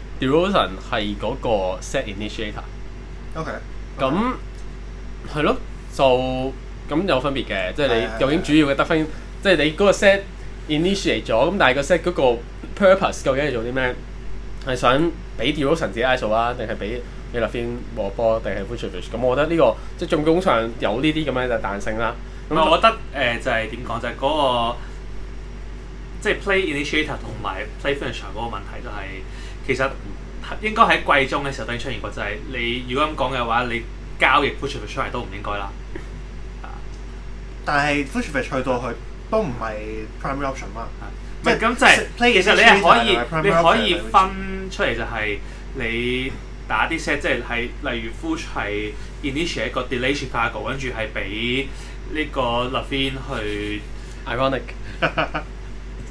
Speaker 2: d e r o s o n 係嗰個 set initiator，OK，okay, 咁 okay. 係咯，就咁有分別嘅，即係你究竟主要嘅得分， <noise> 即係你嗰個 set initiate 咗，咁但係個 set 嗰個 purpose 究竟係做啲咩？係想俾 d e r o s o n 自己 i 數啊，定係俾俾立 a f 波，定係 put r u b i s 咁我覺得呢、這個即係總共上有呢啲咁樣嘅彈性啦。咁我覺得誒就係點講，就係、是、嗰、
Speaker 1: 就是那個即係、就是那個就是、play initiator 同埋 play finisher 嗰個問題就係、是。其實應該喺季中嘅時候已經出現過，就係你如果咁講嘅話，你交易 pushback 出嚟都唔應該啦。
Speaker 3: 但係 pushback 去到去都唔係 primary option 嘛。即係咁，即係其實你係可以，你可以分
Speaker 1: 出嚟就係你打啲 set，即係喺例如 push 係 initiate 一個 delayed foul，跟住係俾呢個 LaVine 去 ironic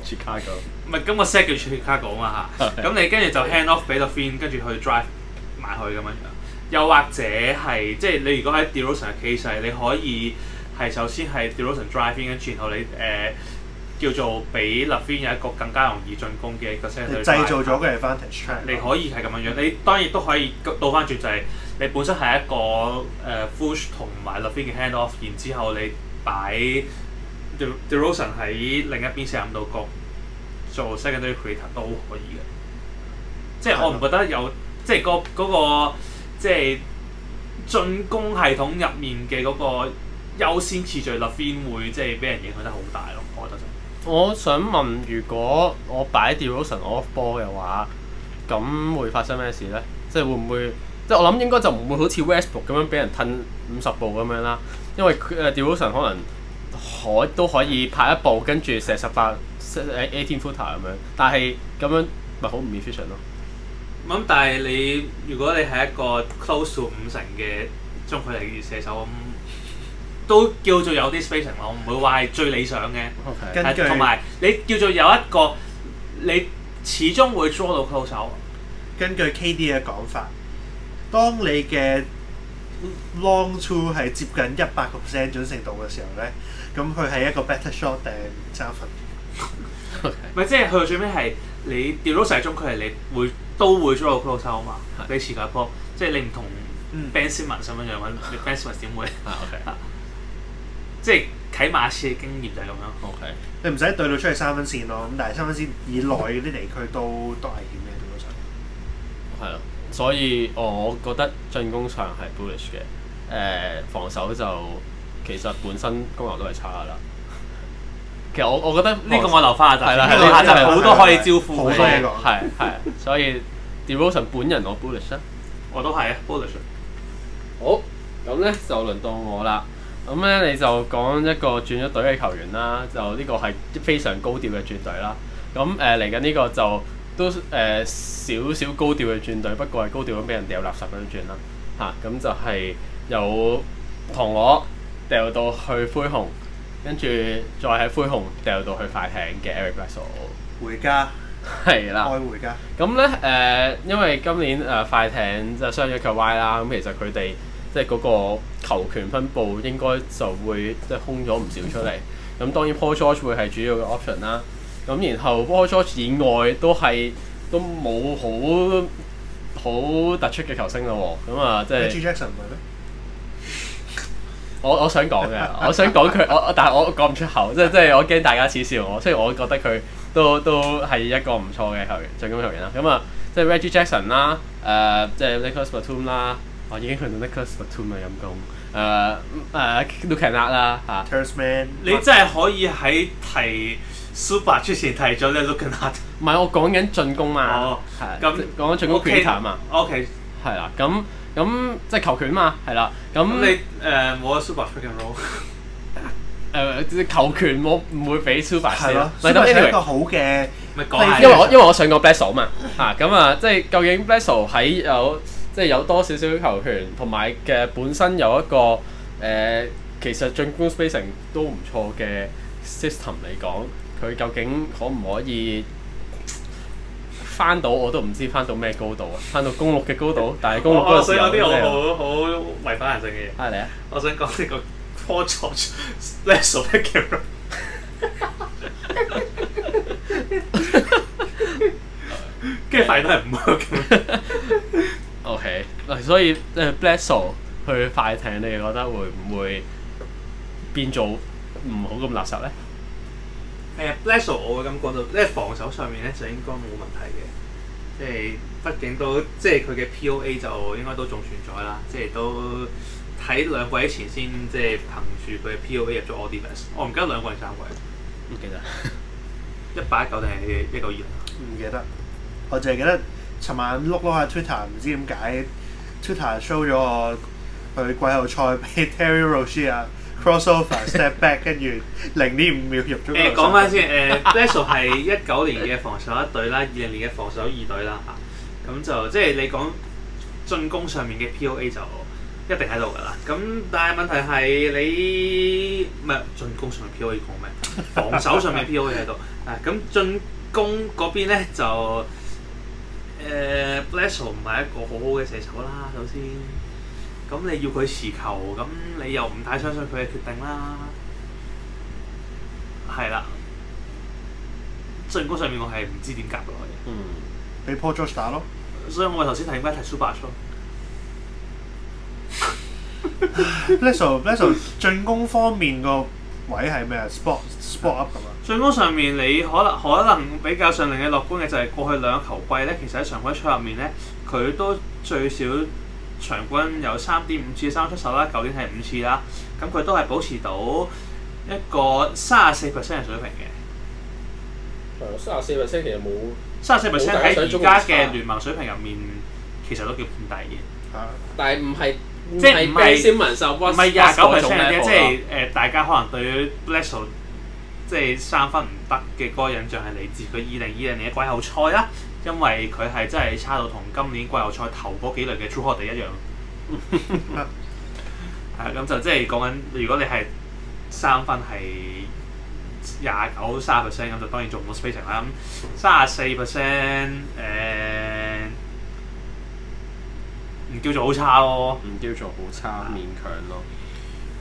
Speaker 2: Chicago。
Speaker 1: 唔係，咁個 set 叫 Chicago 啊嘛嚇，咁你跟住就 hand off 俾 LaVine，跟住去 drive 埋去咁樣，又或者係即係你如果喺 DeRozan 嘅 case，你可以係首先係 DeRozan drive in，跟住然後你誒、呃、叫做俾 LaVine 有一個更加容易進攻嘅一個 set，你製造
Speaker 3: 咗嘅 advantage
Speaker 1: 你可以係咁樣樣，嗯、你當然都可以倒翻轉就係你本身係一個誒 push、呃、同埋 LaVine 嘅 hand off，然之後你擺 DeRozan 喺另一邊四十五度角。做 secondary creator 都可以嘅，即係我唔覺得有，即係個嗰個即係進攻系統入面嘅嗰個優先次序 LaVine 會，即係俾人影響得好大咯，我覺
Speaker 2: 得。我想問，如果我擺 DeRozan off 波嘅話，咁會發生咩事咧？即係會唔會？即係我諗應該就唔會好似 Westbrook 咁樣俾人褪五十步咁樣啦，因為誒 DeRozan 可能可都可以拍一步，跟住射十八，即係 eighteen footer、er、咁樣，但係咁樣咪好唔 efficient 咯。
Speaker 1: 咁、嗯、但係你如果你係一個 close to 五成嘅中距離射手咁、嗯，都叫做有啲 spacing 咯。我唔會話係最理想嘅。Okay. 是根據同埋你叫做有一個你始終會 draw 到 close out。根據 KD 嘅講法，
Speaker 3: 當你嘅 long two 係接近一百個 percent 準確度嘅時候咧，咁佢係一個 better shot 定
Speaker 1: 咪 <laughs> Okay. 即係去到最尾，係你掉咗射中佢係你會都會做一個 closeout 嘛是，你持球波，即係你唔同 Ben Simmons 三分線搵你 Ben Simmons 點會？OK 啊，即係啟馬次嘅經驗就係咁樣。OK，
Speaker 3: 你唔使對到出去三分線咯，咁但係三分線以內嗰啲地區都都危險嘅，掉到上。
Speaker 2: 係啊，所以我覺得進攻上係 bullish 嘅，誒、呃，防守就其實本身功能都係差噶啦。我我覺得呢個我留翻下集，係、就、啦、是，呢下集好多可以招呼嘅，係係的， <laughs> 所以 DeRozan 本人我 bullish 啦，我都係啊 bullish。 <laughs> 好，咁咧就輪到我啦，咁咧你就講一個轉咗隊嘅球員啦，就呢個係非常高調嘅轉隊啦。咁誒嚟緊呢個就都誒少少高調嘅轉隊，不過係高調咁俾人掉垃圾咁轉啦，嚇、啊、咁就係有糖我掉到去灰熊。跟住再喺灰熊掉到去快艇嘅 Eric Russell 回家，係啦 <laughs> 的，愛回家。咁咧誒，因為今年誒快艇即係傷咗個 Y 啦，咁其實佢哋即係嗰個球權分布應該就會即係空咗唔少出嚟。咁當然 Paul George 會係主要嘅 option 啦。咁然後 Paul George 以外都係都冇好好突出嘅球星咯。咁、嗯、啊、嗯，即係。我我想講嘅，我想講佢，我，我但係我講唔出口，即即係，我驚大家恥笑我。所以我覺得佢都都係一個唔錯嘅球員，進攻球員啦。咁、嗯呃 um, 啊，即係 Reggie Jackson 啦，誒，即係 Nicholas Batum 啦，我已經去到 Nicholas Batum 嘅陰功，誒誒，Luke Kennard 啦，哈 Terance Mann 你真係可以喺提 Super 之前提咗咧 Luke Kennard。唔係我講緊進攻啊。哦，咁講緊進攻 pivot 嘛，OK，係 okay .啦，咁。咁、嗯、即係球權嘛，係啦。咁你誒冇阿 Super King 咯。誒、 <laughs> 呃、球權我唔會俾 Super。係咯。咪得一個
Speaker 1: 好嘅，咪講。因為我因
Speaker 2: 為我上過 Blesso 啊嘛。嚇咁 <laughs> 啊，嗯、即係究竟 Blesso 喺有即係有多少少球權，同埋嘅本身有一個誒、呃，其實進攻 spacing 都唔錯嘅 system 嚟講，佢究竟可唔可以？翻到我都唔知翻到咩高度啊！翻到公路嘅高度，但係公路嗰個時候咧，我想講啲好好
Speaker 1: 好違反人性嘅嘢。係嚟啊！我想講呢個 p h l e s s of t h 跟住快艇
Speaker 2: 係唔 work OK，所以誒 Bledsoe 去快艇，你覺得會唔會變做唔好咁垃圾咧？
Speaker 1: 誒 Bless，我嘅感覺到，呢係防守上面咧就應該冇問題嘅，即係畢竟都，即係佢嘅 POA 就應該都仲存在啦，即係都睇兩季前先，即係憑住佢嘅 POA 入咗 Audibles，我唔記得兩季定三季，唔記得，一八一九定係一九二零，唔記得，
Speaker 3: 我淨係記得尋晚碌碌下 Twitter，唔知點解 Twitter show 咗我佢季後賽俾 Terry Rozier Cross over step back 跟住零點五秒入咗。誒講翻先，誒
Speaker 1: Bledsoe 係一九年嘅防守一隊啦，二零年嘅防守二隊啦嚇。咁、啊、就即係你講進攻上面嘅 POA 就一定喺度㗎啦。咁但係問題係你唔係進攻上面 POA 講咩？防守上面 POA 喺度。 <laughs> 啊咁進攻嗰邊咧就誒、呃、Bledsoe 唔係一個好好嘅射手啦，首先。咁你要佢持球，咁你又唔太相信佢嘅決定啦，係啦。進攻上面我係唔知點夾嘅。嗯，
Speaker 3: 俾 Paul George 打咯。
Speaker 1: 所以我頭先睇應該睇 Super
Speaker 3: 咯。Nelson，Nelson，進攻方面個位係咩？Spot，Spot up 咁啊。
Speaker 1: 進攻上面你可能可能比較上嚟嘅樂觀嘅就係過去兩個球季咧，其實喺常規賽入面咧，佢都最少。場均有三點五次三出手啦，舊年係五次啦，咁佢都係保持到一個三十四 percent 嘅水平嘅。係，三
Speaker 2: 十四 percent 其實冇，三十四 percent 喺而家嘅聯
Speaker 1: 盟水平入面，其實都叫偏低。嚇！但
Speaker 2: 係唔係，即係唔係唔係廿九 percent 嘅。即
Speaker 1: 係誒大家可能對 Bledsoe 即係三分唔得嘅嗰個印象係來自佢二零二零年嘅季後賽啦。因為佢係真係差到同今年季後賽頭嗰幾輪嘅 Jrue Holiday 哋一樣，係咁就即係講緊，如果你係三分係廿九三十 percent，咁就當然做唔到 spacing 啦。咁三十四 percent，誒唔叫做好差咯，唔叫做好差，勉強咯。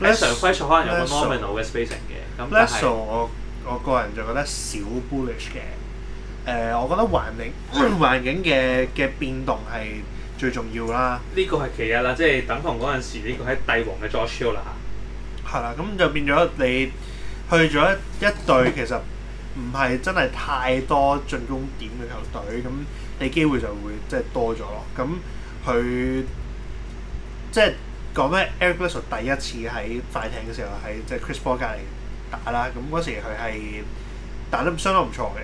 Speaker 1: Lasso spacing 可能有個 nominal 嘅 spacing 嘅，咁
Speaker 3: Lasso 我我個人就覺得少 bullish 嘅。誒，我覺得環境環境嘅嘅變動係最重要啦。呢個係其一啦，即係等同嗰陣時呢個喺帝王嘅坐車啦。係啦， <laughs> 咁就變咗你去咗一隊，其實唔係真係太多進攻點嘅球隊，咁你機會就會即係、就是、多咗咯。咁佢即係講咩？Eric Bledsoe 第一次喺快艇嘅時候喺即係 Chris Paul 隔離打啦，咁嗰時佢係打得相當唔錯嘅。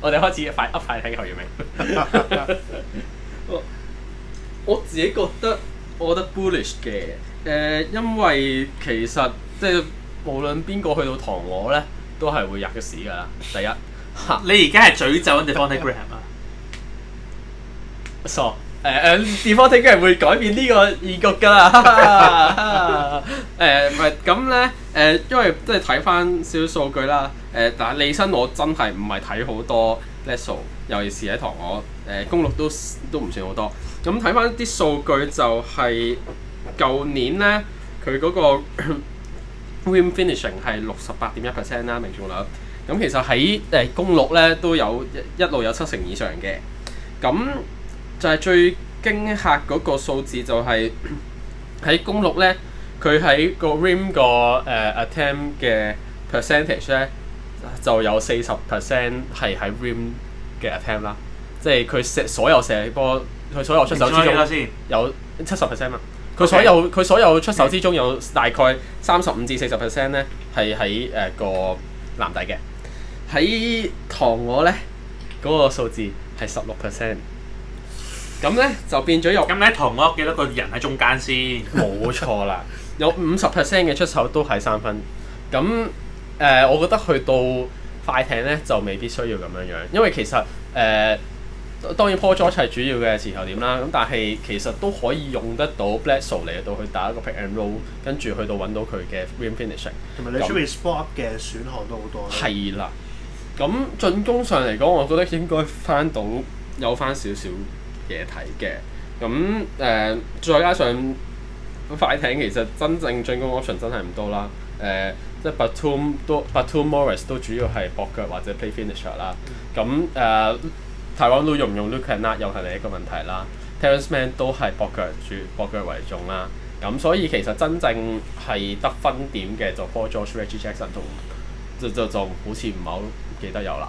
Speaker 2: 我哋開始一 u 一 d 睇球員名。 <laughs> 我自己覺得，我覺得 bullish 嘅。誒、呃，因為其實即係無論邊個去到唐鵝咧，都係會入嘅屎噶啦。第一， <laughs> 你而家係詛咒定係恭喜 Gram 啊？ <laughs> 誒誒、呃，地方聽梗係會改變呢個戰局㗎啦！誒，唔係咁咧，誒，因為即係睇翻少少數據啦。誒、呃，但係李身我真係唔係睇好多 level 尤其是喺堂我誒公鹿都都唔算好多。咁睇翻啲數據就係、是、舊年咧，佢嗰、那個 rim finishing 係六十八點一 percent 啦，命中率。咁其實喺誒公鹿咧都有一一路有七成以上嘅。咁就係最驚嚇嗰個數字、就係，就係喺公鹿咧，佢喺個 rim 個誒、uh, attempt 嘅 percentage 咧，就有四十 percent 係喺 rim 嘅 attempt 啦。即係佢射所有射波，佢所有出手之中有七十 percent 啊。
Speaker 1: 佢所有
Speaker 2: 佢 Okay. 所有出手之中有大概三十五至四十 percent 咧，係喺誒個籃底嘅。喺唐我咧嗰、嗰個數字係十六 percent。咁咧就變咗有咁咧，同我幾多個人喺中間先？冇 <laughs> 錯啦，有五十 percent 嘅出手都係三分。咁誒、呃，我覺得去到快艇咧就未必需要咁樣樣，因為其實誒、呃、當然 Paul George 係主要嘅持球點啦。咁但係其實都可以用得到 Bledsoe 嚟到去打一個 pick and roll，跟住去到揾到佢嘅 rim finishing，同埋你
Speaker 3: spot up 嘅選項都好多啦。係
Speaker 2: 啦，咁進攻上嚟講，我覺得應該翻到有翻少少，嘢睇嘅，咁誒、呃、再加上快艇其實真正進攻 option 真係唔多啦，誒、呃、即係 Batum 都 Batum Morris 都主要係搏腳或者 play finisher 啦、嗯，咁誒、呃、台灣都用唔用 Luke Kennard 又係另一個問題啦、嗯、Terance Mann 都係搏腳主搏腳為重啦，咁所以其實真正係得分點嘅就 Paul George、Reggie Jackson 同就就就，就好似唔係好記得有啦。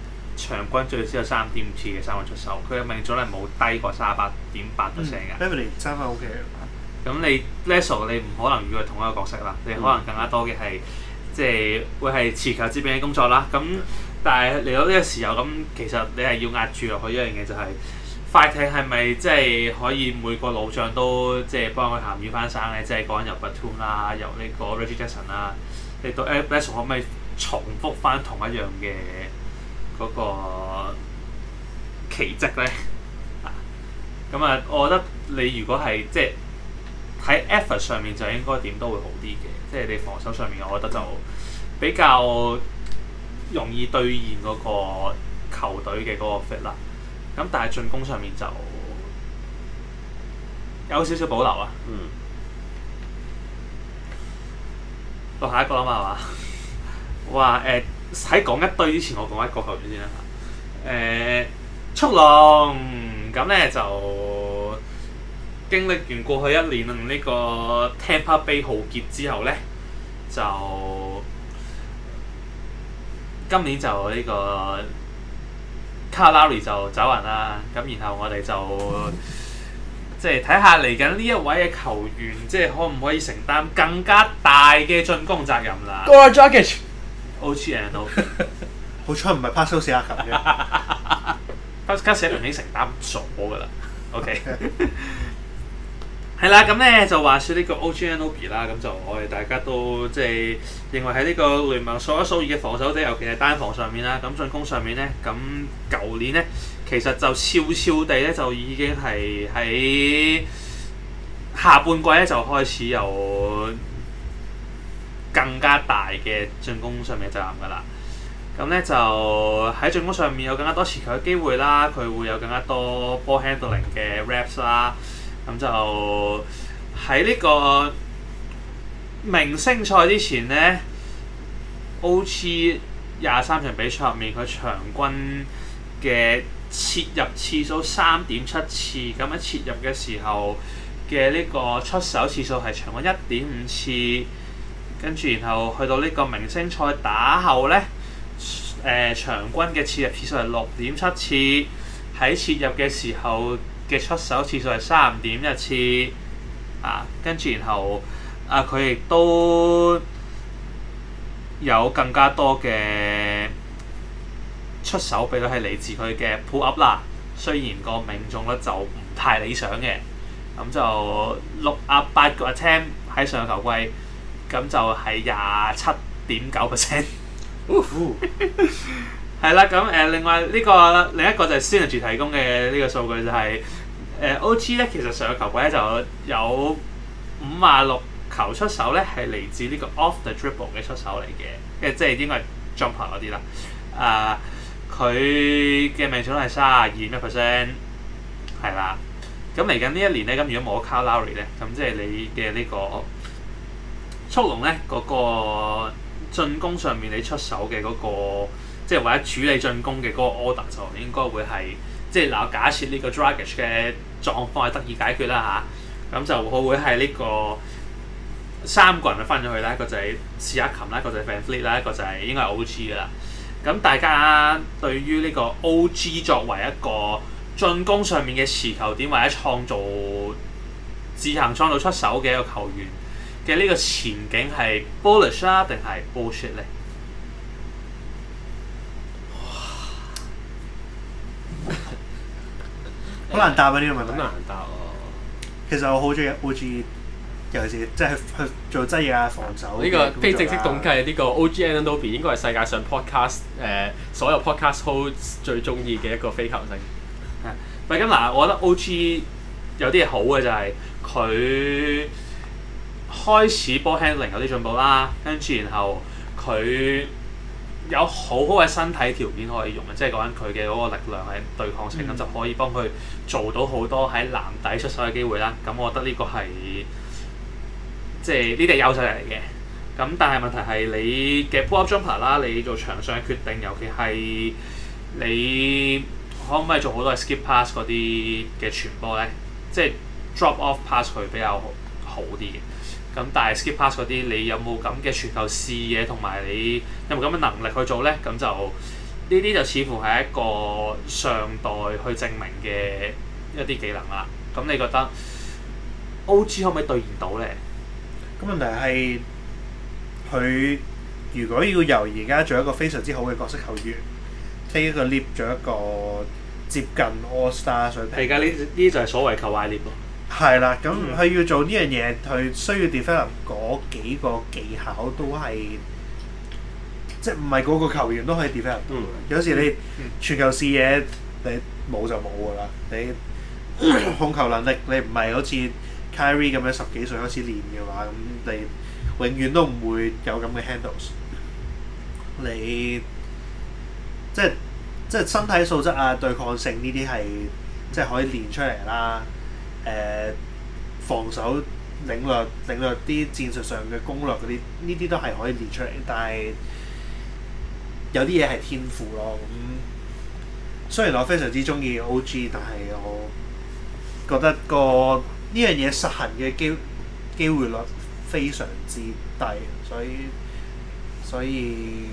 Speaker 1: 平均最少有三點五次嘅三位出手，佢嘅命中率冇低過三十八點八 percent d a y 生翻 OK 嘅。咁、嗯、你 Leslie 你唔可能與佢同一個角色啦，嗯、你可能更加多嘅係即係會係持球之兵嘅工作啦。咁但係嚟到呢個時候咁，其實你係要壓住落去一樣嘢就係、是、快艇係咪即係可以每個老將都即係幫佢鹹魚翻生咧？即係講入 Batum、啊、啦，入呢個 Reggie Jackson 啦、啊，你對 Leslie 可唔可以重複翻同一樣嘅？嗰個奇蹟咧，咁啊，我覺得你如果係即係喺 effort 上面就應該點都會好啲嘅，即係你防守上面我覺得就比較容易兌現嗰個球隊嘅嗰個 fit 啦。咁但係進攻上面就有少少保留啊。
Speaker 2: 嗯。
Speaker 1: 落下一個啦嘛，係嘛？ <laughs> 哇誒！欸喺講一堆之前，我講一啲球員先啦嚇、呃。速龍，咁咧就經歷完過去一年呢、呢個 Tampa Bay 浩劫之後咧，就今年就呢、呢個 Kyle Lowry 就走人啦。咁然後我哋就即係睇下嚟緊呢一位嘅球員，即、就、係、是、可唔可以承擔更加大嘅進攻責任啦 OG Anunoby
Speaker 3: 好彩唔係帕斯卡斯亞咁
Speaker 1: 嘅，帕斯卡斯亞已經承擔咗嘅啦。O.K. 係啦 Okay. <laughs> 咁咧就話説呢個 OG Anunoby 啦，咁就我哋大家都即係、就是、認為喺呢個聯盟數一數二嘅防守者，尤其係單防上面啦，咁進攻上面咧，咁舊年咧其實就悄悄地咧就已經係喺下半季咧就開始有。更加大嘅進攻上面嘅責任㗎啦，咁咧就喺進攻上面有更加多持球嘅機會啦，佢會有更加多 ball handling 嘅 reps 啦，咁就喺呢個明星賽之前咧，OG 廿三場比賽入面，佢場均嘅切入次數三點七次，咁喺切入嘅時候嘅呢個出手次數係場均一點五次。跟住，然後去到呢個明星賽打後呢，誒、呃、場均嘅切入次數係六點七次，喺切入嘅時候嘅出手次數係三點一次啊。跟住然後啊，佢亦都有更加多嘅出手比率，係嚟自佢嘅 pull up 啦。雖然個命中率就唔太理想嘅，咁就六啊八個 attempt 喺上個球季。咁就係廿七點九 percent，係啦。咁 <laughs> 誒、 <laughs> <laughs> 呃，另外呢、這個另一個就係 Synergy 提供嘅呢個數據就係、是、誒、呃、OG 咧，其實上個球季咧就有五啊六球出手咧，係嚟自呢個 off the dribble 嘅出手嚟嘅，即係即係應該係 jumper 嗰啲啦。誒、呃，佢嘅命中率卅二一 percent 係啦。咁嚟緊呢一年咧，咁如果冇咗 Kyle Lowry 咧，咁即係你嘅呢、這個。速龍呢嗰個進攻上面你出手嘅嗰、那個，即係或者處理進攻嘅嗰個 order 就應該會係，即係嗱假設呢個 dragage 嘅狀況係得以解決啦吓，咁、啊、就我會係呢、這個三個人啊翻咗去啦，一、那個就係 Siakam 啦，一、那個就係 VanVleet 啦，一個就係、是、應該係 OG 啦。咁大家對於呢個 OG 作為一個進攻上面嘅持球點或者創造自行創造出手嘅一個球員？嘅呢個前景係 bullish 啦，定係 bullshit 咧？
Speaker 3: 哇！好難答啊呢 <laughs> 個問題。好難答哦、啊。其實我好中意 O G，尤其是即係去做劑嘢啊、防守。呢個非正式動
Speaker 2: 機，呢個 O G Anunoby 應該係世界上 podcast 誒、呃、所有 podcast host 最中意嘅一個非球星。
Speaker 1: 係
Speaker 2: <laughs> 但係咁嗱，我覺得 O G 有啲嘢好嘅就係、是、
Speaker 1: 佢。開始波 handling 有啲進步啦，跟住然後佢有好好嘅身體條件可以用嘅，即係講緊佢嘅嗰個力量係對抗性咁、嗯、就可以幫佢做到好多喺籃底出手嘅機會啦。咁我覺得呢個係即係呢啲優勢嚟嘅。咁但係問題係你嘅 pull up jumper 啦，你做場上嘅決定，尤其係你可唔可以做好多 skip pass 嗰啲嘅傳波咧？即係 drop off pass 佢比較好啲嘅。咁但係 skip pass 嗰啲，你有冇咁嘅全球視野同埋你有冇咁嘅能力去做咧？咁就呢啲就似乎係一個上代去證明嘅一啲技能啦。咁你覺得 OG 可唔可以兌現到咧？
Speaker 3: 咁問題係佢如果要由而家做一個非常之好嘅角色球員，呢個 lift 做一個接近 All Star 水平係㗎，
Speaker 1: 呢啲呢就係所謂球壞 lift 咯。
Speaker 3: 係啦，咁佢要做呢樣嘢，佢需要 develop 嗰幾個技巧都係，即係唔係個個球員都可以 develop 到。嗯、有時你全球視野你冇就冇噶啦，你，你 <coughs> 控球能力你唔係好似 Kyrie 咁樣十幾歲開始練嘅話，咁你永遠都唔會有咁嘅 handles。你即係即係身體素質啊、對抗性呢啲係即係可以練出嚟啦。誒、呃、防守領略領略啲戰術上嘅攻略嗰啲，呢啲都係可以練出嚟，但係有啲嘢係天賦咯。咁、嗯、雖然我非常之中意 OG，但係我覺得個呢樣嘢實行嘅機機會率非常之低，所以所以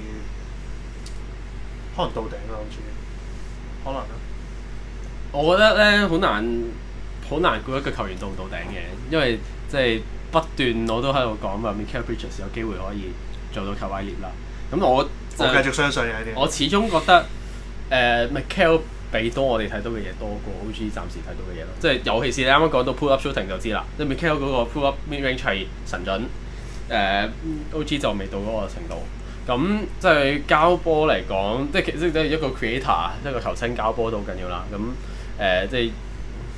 Speaker 3: 可能到頂啦，
Speaker 2: 可能呢，我覺得咧好難。好難估一個球員到唔到頂嘅，因為即係不斷我都喺度講啊 <music> Mikal Bridges 有機會可以做到 Kawhi level 啦。咁我、 <music> 呃、我繼續相信嘅，我始終覺得誒 Mikal 比多我哋睇到嘅嘢多過 OG 暫時睇到嘅嘢咯。即係尤其是你啱啱講到 pull up shooting 就知啦，即係 Mikal 嗰個 pull up mid range 係神準，誒、呃、OG 就未到嗰個程度。咁即係交波嚟講，即係其實都係一個 creator，一個球星交波都好緊要啦。咁誒、嗯呃、即係。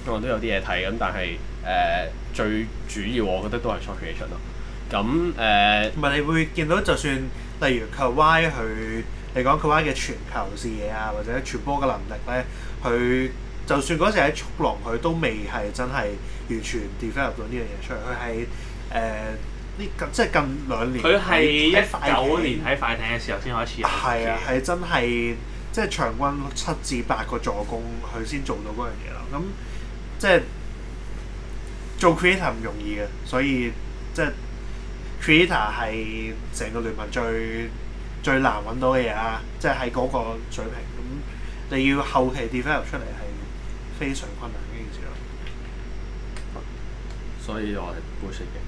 Speaker 2: 我都有啲嘢睇咁，但係誒、呃、最主要，我覺得都係、嗯呃、shortage 咯。咁誒，同埋你會見到，就算
Speaker 3: 例如 Kawhi 佢嚟講 Kawhi 嘅全球視野啊，或者傳波嘅能力咧，佢就算嗰陣喺速龍，佢都未係真係完全 develop 到呢樣嘢出嚟。佢係誒呢即係近兩年，佢係一九年喺
Speaker 1: 快艇嘅時候先開始係啊，係
Speaker 3: 真係即係場均七至八個助攻，佢先做到嗰樣嘢咯。咁即係做 creator 唔容易嘅，所以即係 creator 係成個聯盟最最難揾到嘅嘢啊！即係喺嗰個水平，咁你要後期 develop 出嚟係非常困難嘅件事咯。
Speaker 2: 所以我係 bullish 嘅，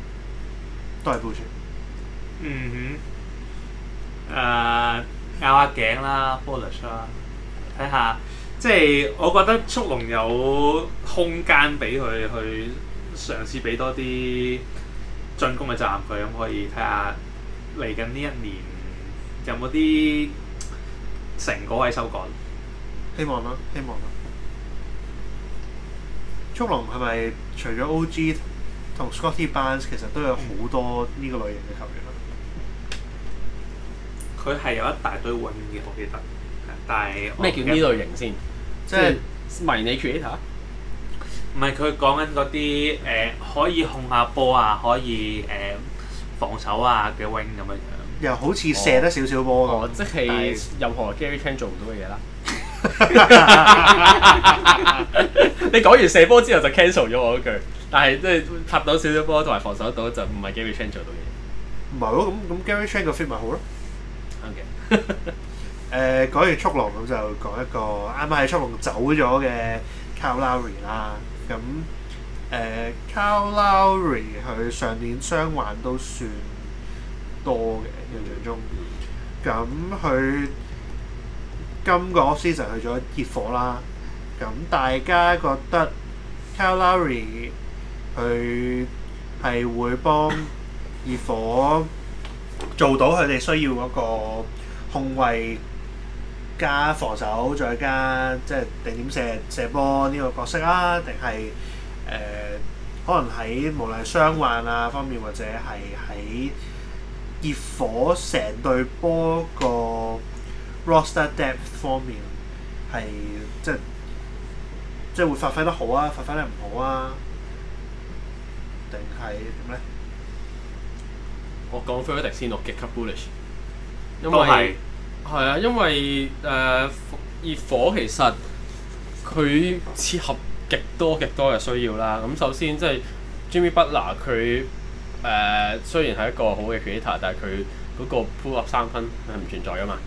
Speaker 2: 都係 bullish。嗯
Speaker 1: 哼，誒、呃，咬下頸啦、啊，bullish 啦、啊，睇下。即係我覺得速龍有空間俾佢去嘗試，俾多啲進攻嘅站佢，咁可以睇下嚟緊呢一年有冇啲成果喺收穫。希望啦，
Speaker 3: 希望啦。速龍係咪除咗 OG 同 Scottie Barnes，其實都有好多呢個類型嘅球員啊？
Speaker 1: 佢係、嗯、有一大堆穩嘅，我記得。但係咩叫呢類型先？即係迷你 creator，唔係佢講緊嗰啲，誒可以控下波啊，可以誒、呃、防守啊嘅 wing 咁樣樣，
Speaker 3: 又好
Speaker 2: 似射得少少波咁。即係任何 Gary Trent 做唔到嘅嘢啦。 <laughs> <laughs> 你講完射波之後就 cancel 咗我嗰句，但係即係拍到少少波同埋防守得到就唔係 Gary Trent 做到嘅嘢。
Speaker 3: 唔係咯，咁咁 Gary Trent 個 fit 咪好咯？OK。誒、呃、講完速龍咁就講一個啱啱喺速龍走咗嘅 Kyle Lowry 啦，咁、呃、誒 Kyle Lowry 佢上年傷患都算多嘅印象中，咁佢今個 off season 就去咗熱火啦，咁大家覺得 Kyle Lowry 佢係會幫熱火做到佢哋需要嗰個控衞？加防守，再加即係定點射射波呢個角色啊？定係誒可能喺無論傷患啊方面，或者係喺熱火成隊波個 roster depth 方面，係即係即係會發揮得好啊，發揮得唔好啊？
Speaker 2: 定係點咧？我講 Ferdie 先，我極級 bullish，因為。係啊，因為誒、呃、熱火其實佢切合極多極多嘅需要啦。咁首先即係 Jimmy Butler 佢誒、呃、雖然係一個好嘅 creator，但係佢嗰個 pull up 三分係唔存在噶嘛。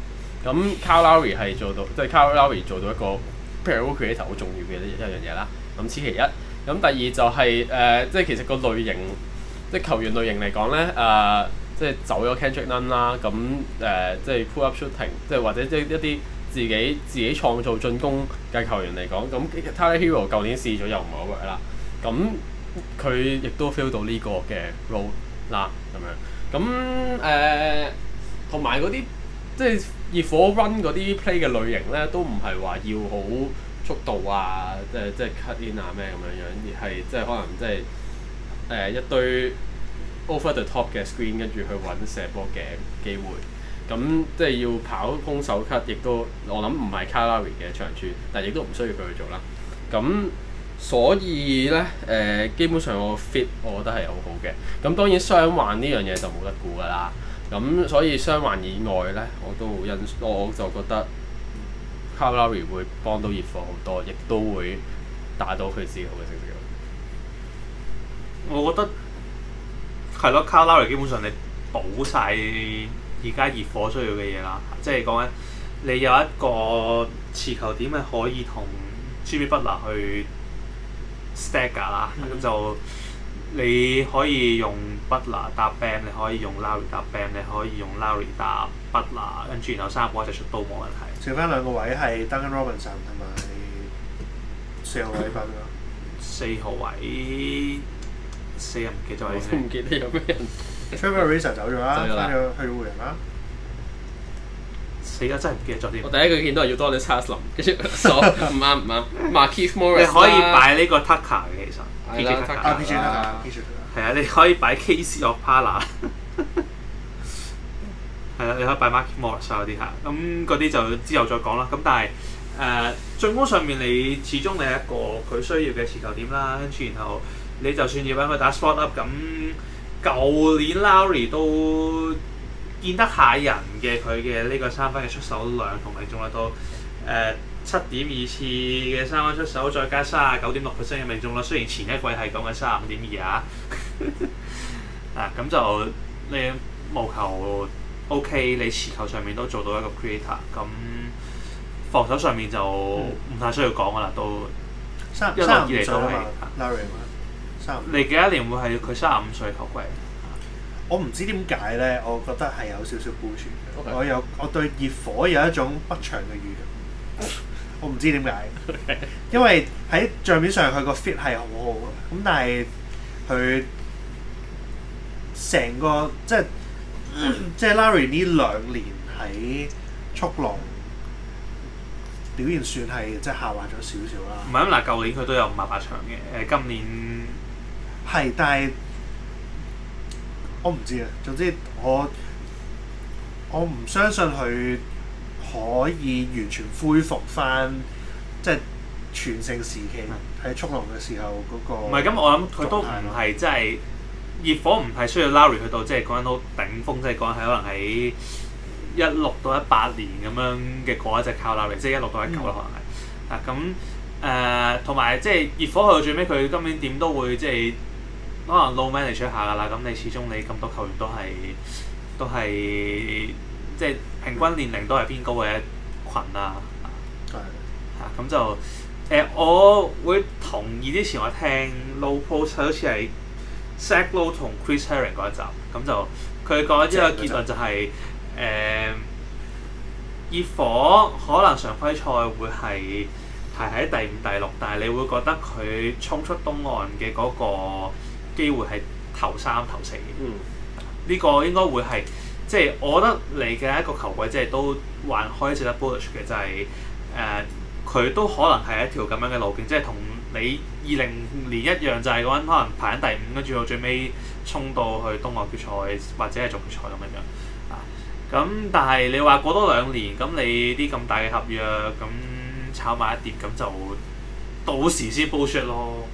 Speaker 2: 咁 Kyle Lowry 係做到，即係 Kyle Lowry 做到一個 perimeter creator 好重要嘅一一樣嘢啦。咁此其一，咁第二就係、是、誒、呃，即係其實個類型，即係球員類型嚟講咧誒。呃即係走咗 Kendrick Nunn 啦，咁、呃、誒即、就、係、是、pull-up shooting，即係或者即係一啲自己自己創造進攻嘅球員嚟講，咁 Tyler Herro 舊年試咗又唔係好喎啦，咁佢亦都 feel 到呢個嘅 role 嗱咁樣，咁誒同埋嗰啲即係熱火 run 嗰啲 play 嘅類型咧，都唔係話要好速度啊，誒即係 cut-in 啊咩咁樣樣，而係即係可能即係誒、呃、一堆。over the top 嘅 screen 跟住去揾射波嘅機會，咁即係要跑空手 cut，亦都我諗唔係 Lowry 嘅長處，但係亦都唔需要佢去做啦。咁所以咧，誒、呃、基本上我 fit 我覺得係好好嘅。咁當然傷患呢樣嘢就冇得估噶啦。咁所以傷患以外咧，我都好欣，我就覺得 Lowry 會幫到熱火好多，亦都會打到佢自己好嘅成績。我覺
Speaker 1: 得。係咯，Kyle Lowry 基本上你補晒而家熱火需要嘅嘢啦，即係講緊，你有一個持球點係可以同 Jimmy Butler 去 stack 啦，咁、mm hmm. 就你可以用 Butler 搭 Bam 你可以用 Lowry 搭 Bam 你可以用 Lowry 搭 Butler 跟住然後三個位就出都冇問題。
Speaker 3: 剩翻兩個位係 Duncan Robinson 同埋
Speaker 1: 四號位四號位。
Speaker 2: 四人唔記得咗，我都唔記得有咩人。February 走咗啦，去湖人啦。死啦，真係唔記得咗啲。我第一句見到係要多 o n n 林，跟住唔啱唔啱。Markieff Morris 你可以擺呢個 Tucker 嘅其實。
Speaker 1: 係啊，你可以擺 Case。h 或 p a r k e 係啦，你可以擺 Markieff Morris 啊啲嚇，咁嗰啲就之後再講啦。咁但係誒、呃、進攻上面，你始終你係一個佢需要嘅持球點啦，跟住然後。你就算要俾佢打 spot up，咁舊年 Lowry 都見得下人嘅，佢嘅呢個三分嘅出手量同命中率都誒，七點二次嘅三分出手，再加三啊九點六 percent 嘅命中率。雖然前一季係講緊三十五點二嚇啊，咁、啊、就你務求 O、OK, K，你持球上面都做到一個 creator，咁防守上面就唔太需要講噶啦，都一落二嚟都係 Lowry 你幾多年會係佢三十五歲球季？
Speaker 3: 我唔知點解咧，我覺得係有少少顧慮。Okay. 我有我對熱火有一種不祥嘅預感。Oh. 我唔知點解，Okay. 因為喺帳面上佢個 fit 係好好嘅，咁、嗯、但係佢成個即係即係 Larry 呢兩年喺速龍表現算係即係下滑咗少少啦。
Speaker 1: 唔係啊！嗱，舊年佢都有五萬八場嘅誒，今年。係，但係我唔知啊。總之我
Speaker 3: 我唔相信佢可以完全恢復翻，即係全盛時期喺速龍嘅時候嗰個。唔係咁，我諗佢都唔
Speaker 1: 係真係熱火唔係需要 Lowry 去到即係講緊到頂峰，即係講緊係可能喺一六到一八年咁樣嘅嗰一隻靠 Lowry 即係一六到一九啦，可能係啊咁誒，同埋即係熱火去到最尾，佢今年點都會即係。就是可能 low m a n 嚟 g 下噶啦，咁你始終你咁多球員都係都係即係平均年齡都係偏高嘅一羣啊。咁、嗯啊、就誒、呃，我會同意之前我聽 low post 好似係 Zach Lowe 同 Chris Herring 嗰一集，咁就佢嗰一啲嘅結論就係誒熱火可能常規賽會係排喺第五第六，但係你會覺得佢衝出東岸嘅嗰、嗰個。機會係頭三頭四嘅，呢、嗯、個應該會係即係我覺得你嘅一個球隊，即係都還開得值得 bullish 嘅，就係誒佢都可能係一條咁樣嘅路徑，即係同你二零年一樣就，就係嗰陣可能排緊第五，跟住到最尾衝到去東岸決賽或者係總決賽咁樣樣啊。咁但係你話過多兩年，咁你啲咁大嘅合約，咁炒埋一碟，咁就到時先 bullshit 咯。 <laughs>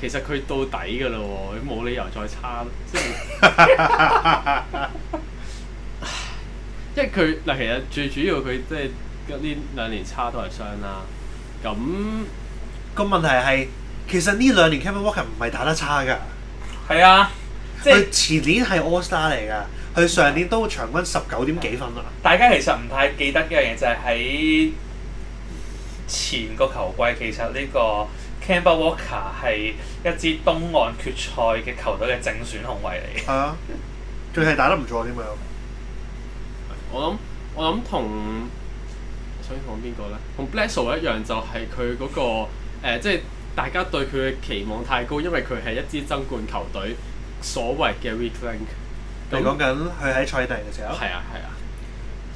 Speaker 2: 其實佢到底㗎啦喎，佢冇理由再差咯，即係，即係佢嗱，其實最主要佢即係呢兩年差都係傷啦。咁個問題係，其實呢兩年 Kemba Walker 唔係打得
Speaker 3: 差㗎，係啊，即係佢前年係 All Star 嚟㗎，佢上年都場均十九點幾分啦。
Speaker 1: 大家其實唔太記得一樣嘢就係喺前個球季，其實呢個，Kemba Walker 係一支東岸
Speaker 2: 決賽嘅球隊嘅正選控衞嚟嘅，
Speaker 3: 係啊，仲係打得唔錯點樣、啊？我
Speaker 2: 諗我諗同想講邊個咧？同 Bledsoe 一樣，就係佢嗰個、呃、即係大家對佢嘅期望太高，因為佢係一支爭冠球隊，所謂嘅 weak link。Ling，你講緊佢喺賽地嘅時候，係啊係啊。啊啊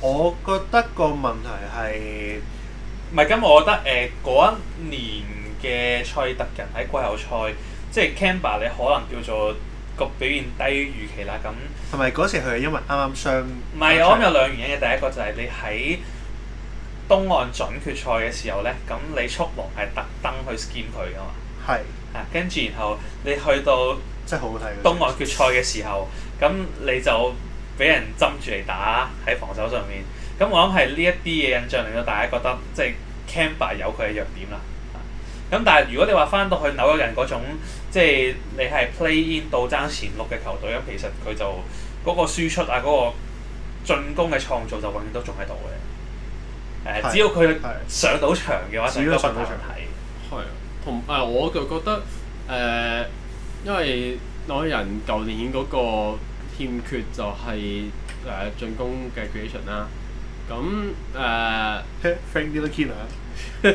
Speaker 2: 我覺得個問題係咪咁？
Speaker 1: 我覺得誒嗰一年。嘅賽特人喺季後賽，即係 Kemba 你可能叫做個表現低於預期啦。咁
Speaker 3: 係咪嗰時佢係因為啱啱傷？
Speaker 1: 唔係，我諗有兩原因嘅。第一個就係你喺東岸準決賽嘅時候咧，咁你速龍係特登去 skim 佢噶嘛？係是啊，跟住然後你去到真係好好睇東岸決賽嘅時候，咁 <laughs> 你就俾人針住嚟打喺防守上面。咁我諗係呢一啲嘢印象令到大家覺得即係 Kemba 有佢嘅弱點啦。咁但係如果你話翻到去紐約人嗰種，即係你係 play in 到爭前六嘅球隊，咁其實佢就嗰、那個輸出啊，嗰、那個進攻嘅創造就永遠都仲喺度嘅。誒、uh, 的，只要佢上到場嘅話，的只要上到場係，
Speaker 2: 係同誒我就覺得誒、呃，因為紐約人舊年嗰個欠缺就係、是、誒、呃、進攻嘅 creation 啦。咁誒、呃、 <laughs> Frank Ntilikina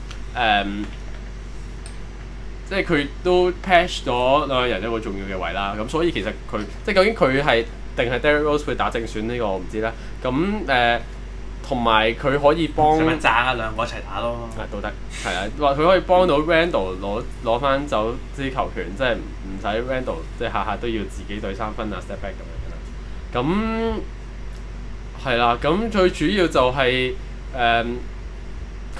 Speaker 2: 誒，um, 即係佢都 patch 咗兩個人一個重要嘅位啦，咁所以其實佢即係究竟佢係定係 Derrick Rose 會打正選呢個我唔知啦。咁誒，同埋佢可以幫，成班炸啊兩個一齊打咯，係都得，係啊，或佢、啊、可以幫到 Randall 攞攞翻走支球權， <laughs> 即係唔使 Randall 即係下下都要自己對三分啊 step back 咁樣嘅啦。咁係啦，咁、啊、最主要就係、是、誒。嗯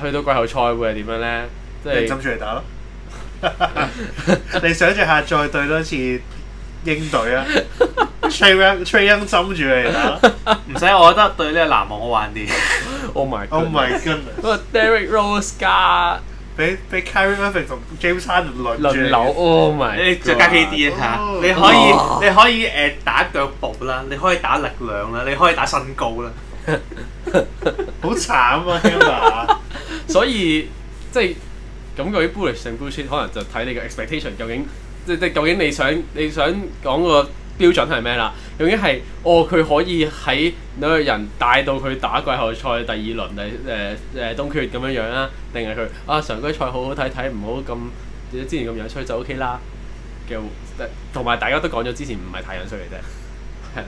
Speaker 2: 去到季後賽會係點樣咧？即係針住嚟打咯！你想象下再對多一次
Speaker 3: 鷹隊啊 Trae Young 針住你打，
Speaker 1: 唔使，我覺得對呢個籃網好玩
Speaker 2: 啲。Oh my Oh my God！嗰
Speaker 1: 個 Derrick Rose 加俾俾 Kyrie Irving 同 James Harden 輪流哦！咪你再加啲啲啊嚇！你可以你可以誒打腳步啦，你可以打力量啦，你可以打身高啦。
Speaker 2: 好慘啊！Emma！所以即係咁，關於 bullish 同 bullshit，可能就睇你嘅 expectation 究竟，即即究竟你想你想講個標準係咩啦？究竟係哦佢可以喺紐約人帶到佢打季後賽第二輪嚟誒誒東決咁樣樣啊？定係佢啊常規賽好好睇睇，唔好咁之前咁樣衰就 OK 啦嘅。同埋大家都講咗之前唔係太樣衰嚟啫。係啦，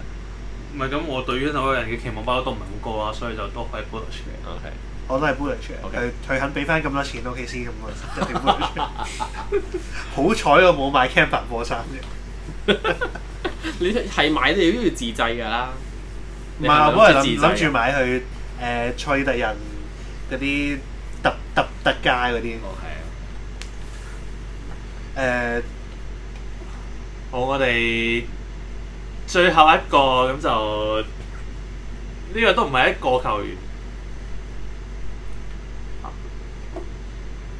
Speaker 2: 唔係咁我對於紐約人嘅期望包
Speaker 1: 都唔係好高啊，所以就都可以 bullish 嘅、啊。O K。
Speaker 3: 我都係 bullish，佢佢肯俾翻咁多錢 O K 先咁
Speaker 2: 啊，一定 bullish，
Speaker 3: 好彩我冇買 Kemba 波衫
Speaker 1: 啫。
Speaker 2: 你係買你都要自製噶啦。唔係，我係諗住
Speaker 3: 買去。誒、呃、賽特人嗰啲特特特街嗰啲。哦
Speaker 1: Okay.、呃，係啊。好，我哋最後一個咁就呢、呢個都唔係一個球員。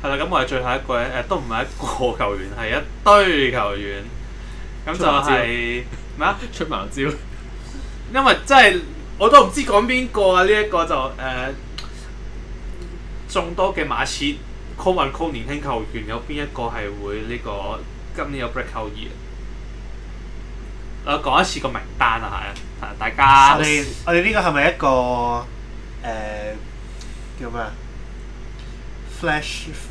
Speaker 1: 係啦，咁我哋最後一個咧，誒、呃、都唔係一個球員，係一堆球員，咁就係
Speaker 2: 咩啊？出茅招， <laughs> 是毛招
Speaker 1: <laughs> 因為真係我都唔知講邊個啊！呢、這、一個就誒、呃、眾多嘅馬刺、Callin、Call 年輕球員，有邊一個係會呢、這個今年有 Breakout Year，我講一次個名單啊，係啊，大家事
Speaker 3: 我哋我哋呢個係咪一個誒、呃、叫咩啊？Flash。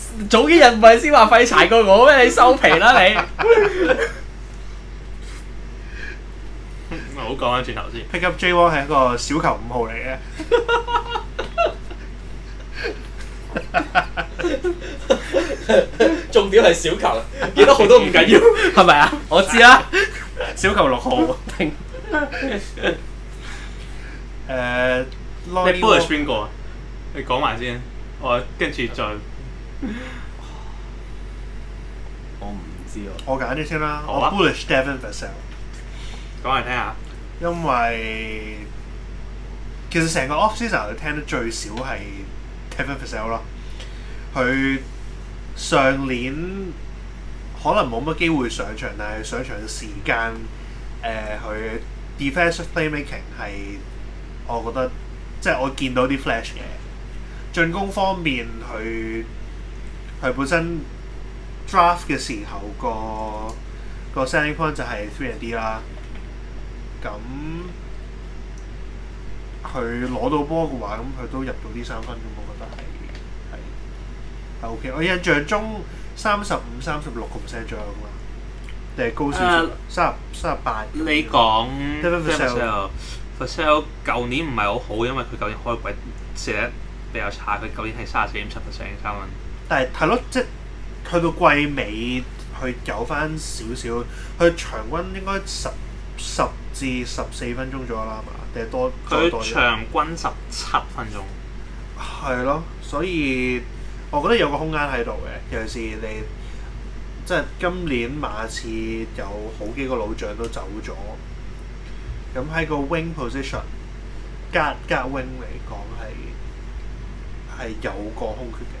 Speaker 2: 早幾日唔係先話廢柴過我咩？你收皮啦你！
Speaker 1: 唔好講翻轉頭先
Speaker 2: ，Pickup J One 係
Speaker 3: 一個小球五號嚟嘅。
Speaker 2: 重點係小球，幾多號都唔緊要，係咪啊？我知啦，小球六號。停。
Speaker 1: 誒，你 bullish 邊個？你講埋先，我跟住再。我唔知啊，我揀咗先啦，
Speaker 3: 吧我 bullish Devin Vassell 講嚟聽下，因為其實成個 offseason 佢聽得最少係 Devin Vassell 咯。佢上年可能冇乜機會上場，但係上場嘅時間誒，佢、呃、defensive playmaking 係我覺得即係、就是、我見到啲 flash 嘅進攻方面佢。佢本身 draft 嘅時候、嗰個、嗰個 setting point 就係 three and D 啦。咁佢攞到波嘅話，咁佢都入到啲三分嘅。我覺得係係 OK。我印象中三十五、三十六個 percent 啊，定係高少少三十三十八？Uh, 30，你講
Speaker 1: Vassell？Vassell 舊年唔係好好，因為佢舊年開季，射得比較差。佢舊年係三十四點七 percent 三分。
Speaker 3: 但係係咯，即係去到季尾，佢有翻少少，佢場均應該十十至十四分鐘左右啦嘛，定多多啲。佢場均十七分鐘。係咯，所以我覺得有個空間喺度嘅，尤其是你即係今年馬刺有好幾個老將都走咗，咁喺個 wing position，加加 wing 嚟講係係有個空缺嘅。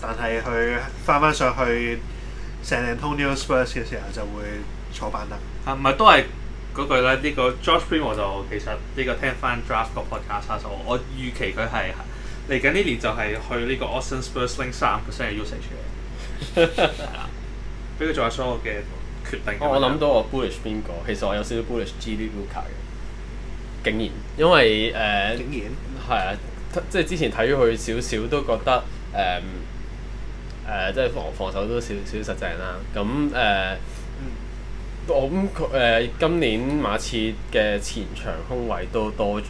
Speaker 3: 但係佢翻翻上去 San Antonio Spurs 嘅時候就會
Speaker 1: 坐板凳啊！唔係都係嗰句啦，呢、這個 Josh Primo 就其實呢、這個聽翻 Draft 個 Podcast 我我預期佢係嚟緊呢年就係去呢個 Austin Spurs 拎三 percent 嘅 usage。俾佢做下所有嘅決
Speaker 2: 定、 <laughs> <laughs> 哦。我我諗到我 bullish 邊個？其實我有少少 bullish G D b e Luca 嘅。竟然，因為誒，呃、竟然係啊！即係之前睇咗佢少少都覺得誒。呃誒、呃，即係防防守都少少，少實淨啦。咁、嗯、誒、呃，我諗佢、呃、今年馬刺嘅前場空位都多咗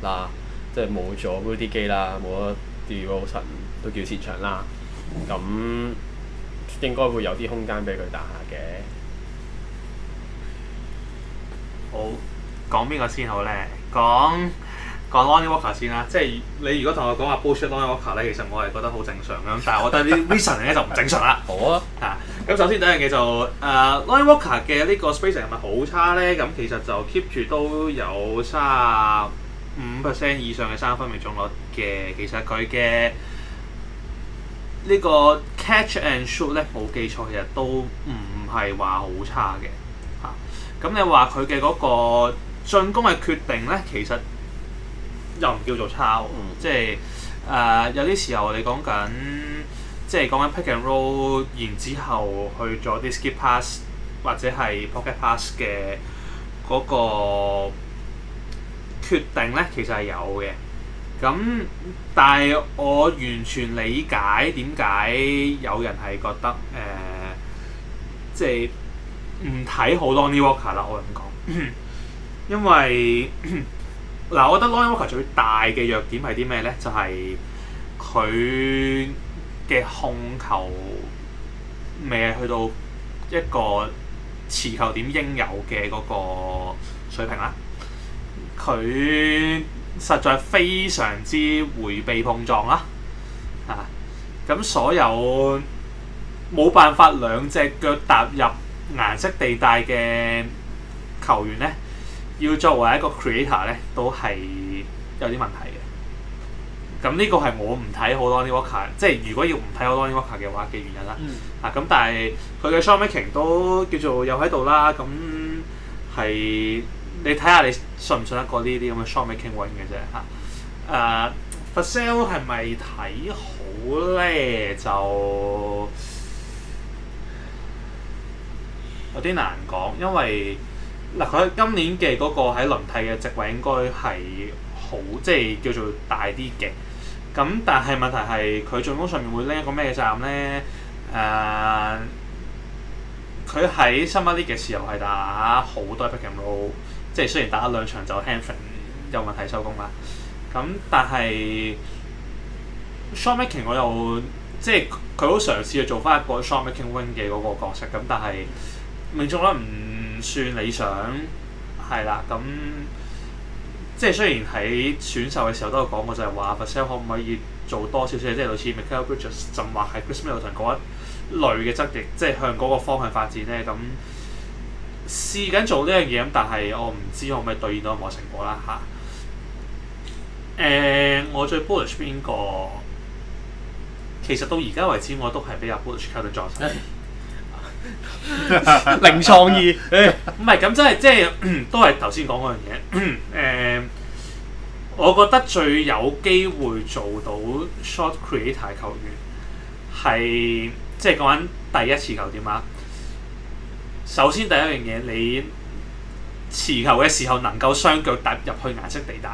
Speaker 2: 啦，即係冇咗 Rudy Gay 啦，冇咗 DeRozan 都叫前場啦。咁、嗯、應該會有啲空間俾佢打下嘅。好，講邊個先好咧？講。
Speaker 1: 講 Lonnie Walker 先啦，即係你如果同我講阿 bullish on Lonnie Walker 咧，其實我係覺得好正常咁，但係我覺得啲 reason 咧就唔正常啦。好 <laughs> 啊，嚇！咁首先第一樣嘢就誒、呃、Lonnie Walker 嘅呢個 spacing 係咪好差咧？咁其實就 keep 住都有三十五 percent 以上嘅三分命中率嘅。其實佢嘅呢個 catch and shoot 咧，冇記錯，其實都唔係話好差嘅嚇。咁、啊、你話佢嘅嗰個進攻嘅決定咧，其實～又唔叫做抄，嗯、即係誒、呃、有啲時候我哋講緊，即係講緊 pick and roll，然之後去咗啲 skip pass 或者係 pocket pass 嘅嗰個決定咧，其實係有嘅。咁但係我完全理解點解有人係覺得誒、呃，即係唔睇好多 New Yorker 啦，我咁講， <laughs> 因為。 <coughs> 嗱，我覺得 Kemba Walker 最大嘅弱點係啲咩咧？就係佢嘅控球未去到一個持球點應有嘅嗰個水平啦。佢實在非常之回避碰撞啦。嚇、啊！咁所有冇辦法兩隻腳踏入顏色地帶嘅球員咧，要作為一個 creator 咧，都係有啲問題嘅。咁呢個係我唔睇好多 networker 即係如果要唔睇好多 networker 嘅話嘅原因啦、嗯啊。啊，咁但係佢嘅 shortmaking 都叫做有喺度啦。咁係你睇下你信唔信得過呢啲咁嘅 shortmaking 揾嘅啫嚇。誒、啊、，for sale 係咪睇好咧？就有啲難講，因為。嗱佢今年嘅嗰個喺輪替嘅席位應該係好即係叫做大啲嘅，咁但係問題係，佢進攻上面會拎一個咩責任咧？誒、呃，佢喺 Summer League 嘅時候係打好多 pick and roll，即係雖然打一兩場就 handful 有問題收工啦。咁但係 shot making 我又即係佢好嘗試去做翻一個 shot making win 嘅嗰個角色，咁但係命中率唔～算理想係啦，咁即係雖然喺選秀嘅時候都有講過，就係話 Vassell 可唔可以做多少少，即係類似 Mikal Bridges，甚至係 Khris Middleton 嗰一類嘅質地，即係向嗰個方向發展咧。咁試緊做呢樣嘢，咁但係我唔知可唔可以對應到任何成果啦吓，誒，我最 bullish 邊個？其實到而家為止，我都係比較 bullish Keldon Johnson。
Speaker 3: <laughs> 零創創
Speaker 1: 意， <laughs> 唔係咁，即係即係，都係頭先講嗰樣嘢。誒、呃，我覺得最有機會做到 short creator 球員，係即係講緊第一次球點啊。首先第一樣嘢，你持球嘅時候能夠雙腳踏入去顏色地帶，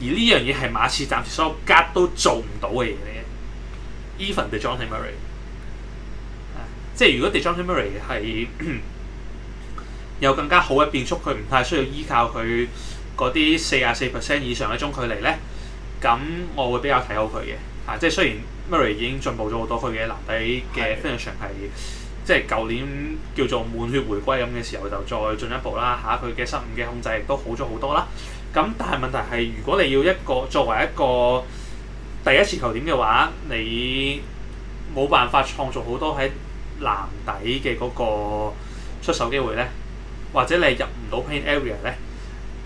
Speaker 1: 而呢樣嘢係馬刺暫時所有 guard 都做唔到嘅嘢，even the Dejounte Murray 即係如果對 Jamal Murray 係有更加好嘅變速，佢唔太需要依靠佢嗰啲四十四 percent 以上嘅中距離咧，咁我會比較睇好佢嘅嚇。即係雖然 Murray 已經進步咗好多佢嘅，籃底嘅 finishing 係即係舊年叫做滿血回歸咁嘅時候就再進一步啦嚇。佢、啊、嘅失誤嘅控制亦都好咗好多啦。咁、啊、但係問題係如果你要一個作為一個第一次球點嘅話，你冇辦法創造好多喺籃底嘅嗰個出手機會咧，或者你係入唔到 paint area 咧，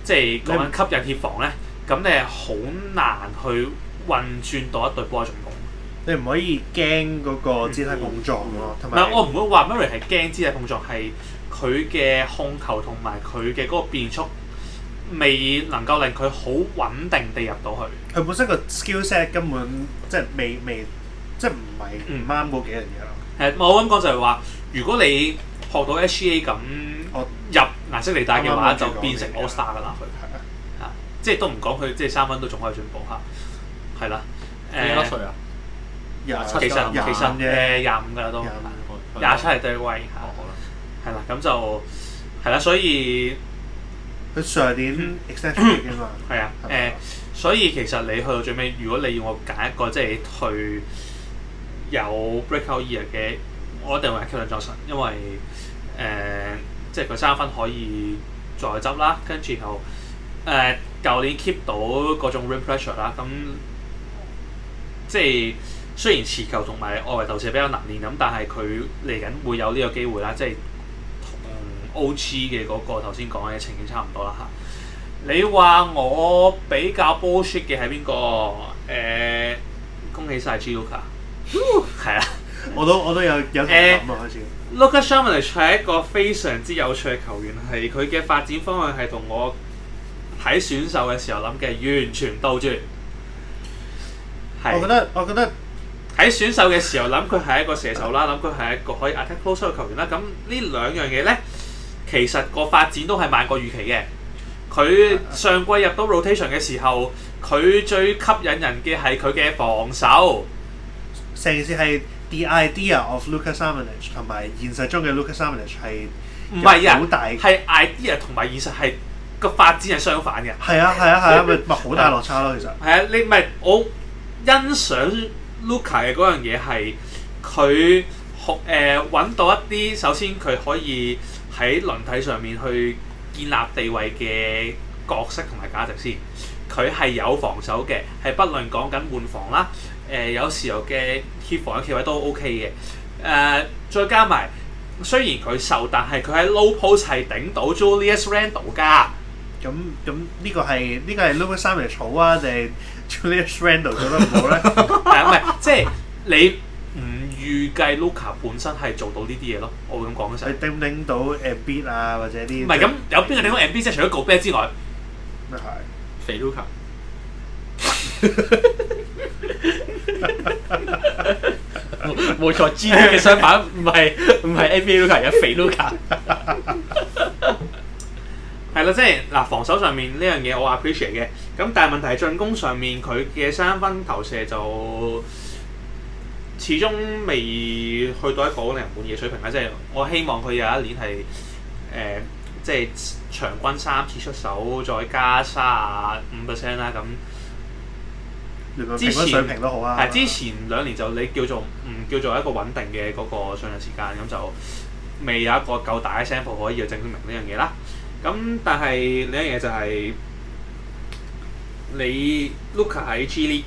Speaker 1: 即係講緊吸引協防咧，咁你係不好難去運轉到一隊波嘅
Speaker 3: 你唔可以驚嗰個肢體碰撞咯，同埋、嗯嗯、
Speaker 1: 有我唔會話 Murray 係驚肢體碰撞，係佢嘅控球同埋佢嘅嗰個變速未能夠令佢好穩定地入到去。佢本身個 skill set 根本即係未未即係唔係唔啱嗰幾樣嘢咯。誒，我咁講就係話，如果你學到 SGA 咁入顏色嚟打嘅話，就變成 All Star 噶啦佢，嚇，即係都唔講佢即係三分都仲可以進步嚇，係啦。誒，幾多歲啊？廿七、廿七、廿五嘅廿五噶啦都，廿七係第一位嚇，係啦，咁就係啦，所以佢上年？係啊，誒，所以其實你去到最尾，如果你要我揀一個，即係去。有 breakout year 嘅，我一定會 include Keldon Johnson 因為，誒、呃，即係佢三分可以再執啦，跟住然後誒，舊、呃、年 keep 到嗰種 rim pressure 啦、啊，咁即係雖然持球同埋外圍投射比較難練咁，但係佢嚟緊會有呢個機會啦，即係同 OG 嘅嗰個頭先講嘅情景差唔多啦嚇。你話我比較 bullshit 嘅係邊個？誒、呃，恭喜晒 Gulka！係啊我，我都我都有有咁諗、uh, 開始 Luka Samanic 係一個非常之有趣嘅球員，係佢嘅發展方向係同我喺選秀嘅時候諗嘅完全倒轉。係，我覺得我覺得喺選秀嘅時候諗佢係一個射手啦，諗佢係一個可以 attack closeout 嘅球員啦。咁呢兩樣嘢呢，其實個發展都係慢過預期嘅。佢上季入到 rotation 嘅時候，佢最吸引人嘅係佢嘅防守。
Speaker 3: 成件事係 the idea of Luca Samanage 同埋現實中嘅 Luca Samanage，
Speaker 1: 係唔係啊？係 idea 同埋現實係個發展係相反嘅。係啊係啊係啊，咪好大落差咯，啊、其實係啊，你咪我欣賞 Luca 嘅嗰樣嘢係佢好誒搵到一啲，首先佢可以喺輪替上面去建立地位嘅角色同埋價值先。佢係有防守嘅，係不論講緊換防啦。誒有時候嘅協防嘅企位都 OK 嘅，誒再加埋雖然佢瘦，但係佢喺 low post 係頂到 Julius Randle 噶。咁咁呢個係呢個係 Luka 三嚟炒啊，定 Julius Randle 做得唔好咧？係咪即係你唔預計 Luka 本身係做到呢啲嘢咯？我會咁講嘅先。佢
Speaker 3: 頂唔頂到 Embiid 啊，或者
Speaker 1: 啲唔係咁有邊個地方 Embiid 啫？除咗 Gobert 之外，咩
Speaker 2: 係肥 Luka？冇錯，G 嘅相反唔係唔係 NBA 碌卡，Luca, 而係肥碌卡。
Speaker 1: 係啦，即係嗱，防守上面呢樣嘢我 appreciate 嘅，咁但係問題係進攻上面佢嘅三分投射就始終未去到一個令人滿意嘅水平啦。即係我希望佢有一年係誒、呃，即係場均三次出手，再加三十五 percent 啦咁。之前都好啊。係是、嗯、之前兩年就你叫做唔叫做一個穩定嘅嗰個上場時間，咁就未有一個夠大嘅 sample 可以去證明呢樣嘢啦。咁但係另一樣嘢就係、是、你 look 喺 G League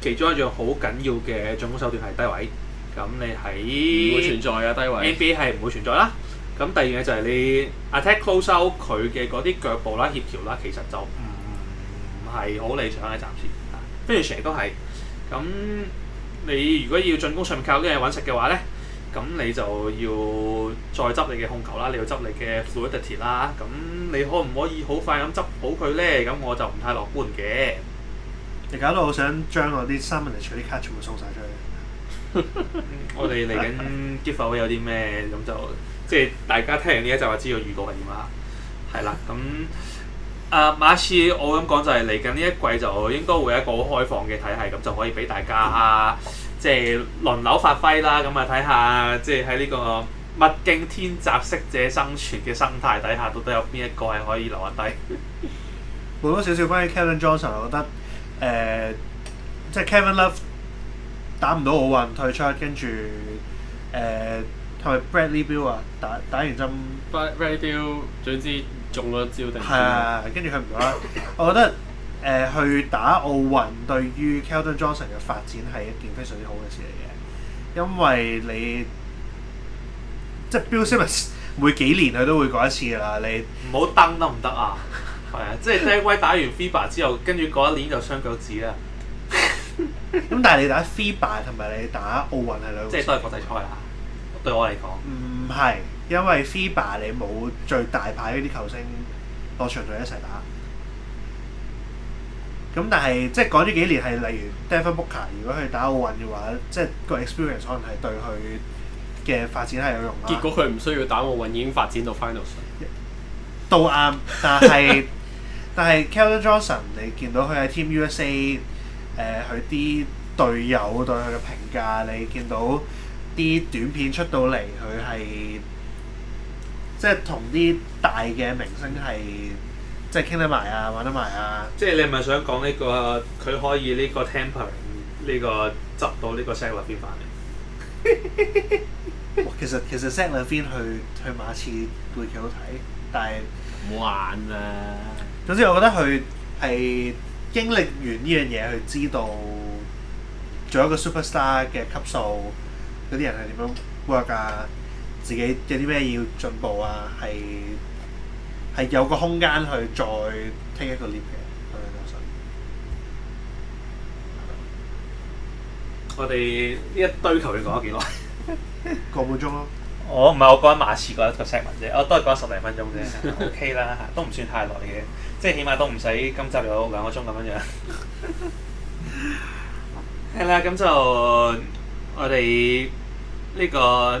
Speaker 1: 其中一樣好緊要嘅進攻手段係低位，咁你喺唔會存在啊低位 NBA 係唔會存在啦。咁第二樣嘢就係你、嗯、Attack Closeout 佢嘅嗰啲腳步啦、協調啦，其實就唔係好理想嘅，暫時。非常都係，咁你如果要進攻上面靠啲嘢揾食嘅話咧，咁你就要再執你嘅控球啦，你要執你嘅 full 特貼啦，咁你可唔可以快好快咁執好佢咧？咁我就唔太樂觀嘅。你
Speaker 3: 搞到好想將我啲三文 b s i 啲卡
Speaker 1: 全部送晒出去。 <laughs> <laughs> <laughs> 我哋嚟緊 giveaway 有啲咩？咁就即係大家聽完呢一集話知道預告係點啦。係啦，咁。 <laughs> 誒馬刺，uh, ashi, 我咁講就係嚟緊呢一季就應該會有一個好開放嘅體系，咁就可以俾大家即係、就是、輪流發揮啦。咁啊，睇下，即係喺呢個物競天擇適者生存嘅生態底下，到底有邊一個係可以留下底？
Speaker 3: 講多少少關於 Kevin Johnson，我覺得誒、呃、即係 Kevin Love 打唔到奧運退出，跟住誒同、呃、埋 Bradley Beal 啊，打打完針
Speaker 2: ，Bradley Beal Brad 總之。中咗招定係啊！跟住佢唔啦。 <laughs>
Speaker 3: 我覺得誒、呃、去打奧運對於 Keldon Johnson 嘅發展係一件非常之好嘅事嚟嘅，因為你即係 Bill
Speaker 1: Simmons 每幾年佢都會過一次㗎啦。你唔好登得唔得啊？係 <laughs> 啊， <laughs> 即係 Sergi 打完 FIBA 之後，跟住過一年就雙腳趾啦。
Speaker 3: 咁、 <laughs> 嗯、但係你打 FIBA 同埋你打奧運係兩，即係都
Speaker 1: 係國際賽啦。對我嚟講，唔係、嗯。
Speaker 3: 因為 FIBA 你冇最大牌嗰啲球星落場度一齊打，咁但係即係講咗幾年係例如 Devin Booker 如果佢打奧運嘅話，即係個 experience 可能係對佢嘅發展係有用
Speaker 2: 啦。結果佢唔需要打奧運已經發展到 finals，都啱。但係
Speaker 3: <laughs> 但係 Keldon Johnson 你見到佢喺 Team USA，誒佢啲隊友對佢嘅評價，你見到啲短片出到嚟佢係。即係同啲大嘅明星係
Speaker 1: 即係傾得埋啊，玩得埋啊！即係你係咪想講呢個佢可以呢個 temper 呢個執到呢個 set up 邊翻
Speaker 3: 嚟？其實 <laughs> 其實 set up 邊去去馬刺會幾好睇，但係唔
Speaker 1: 好玩啦，
Speaker 3: 啊。總之我覺得佢係經歷完呢樣嘢，佢知道做一個 superstar 嘅級數，嗰啲人係點樣 work 啊！自己有啲咩要進步啊？係係有個空間去再 take
Speaker 1: 一個 lift 嘅，咁樣講實。我哋呢一堆頭先講咗幾耐，個半鐘咯。我唔係我講馬刺講咗個 seven 啫，我都係講十零分鐘啫，OK 啦，都唔算太耐嘅，即係起碼都唔使今集有兩個鐘咁樣樣。係啦，咁就我哋呢個。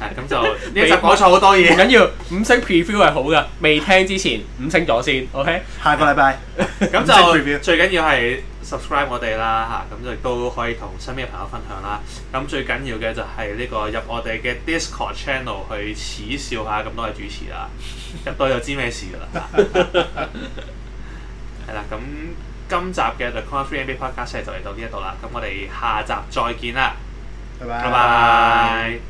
Speaker 1: 咁、 <laughs> 啊、就呢你、這個、集講錯錯好多嘢，唔緊
Speaker 2: 要，五星 preview 係好噶，未聽之前五星咗先，OK？下個禮拜咁就最緊要係 subscribe 我哋啦嚇，咁亦都可以
Speaker 1: 同身邊嘅朋友分享啦。咁最緊要嘅就係呢、這個入我哋嘅 Discord channel 去恥笑下咁多位主持啦，入到就知咩事噶 <laughs> <laughs> <laughs> 啦。係啦，咁今集嘅 The Corner 3 Podcast 就嚟到呢一度啦，咁我哋下集再見啦，
Speaker 3: 拜拜。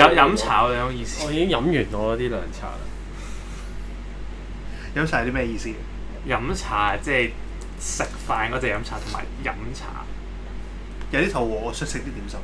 Speaker 2: 飲飲茶嗰種意思，我已經飲完我
Speaker 1: 啲涼茶啦。飲 <laughs> 茶係啲咩意思？飲茶即係食飯嗰陣飲茶，同、就、埋、是、飲茶有啲肚餓，我想食啲
Speaker 3: 點心。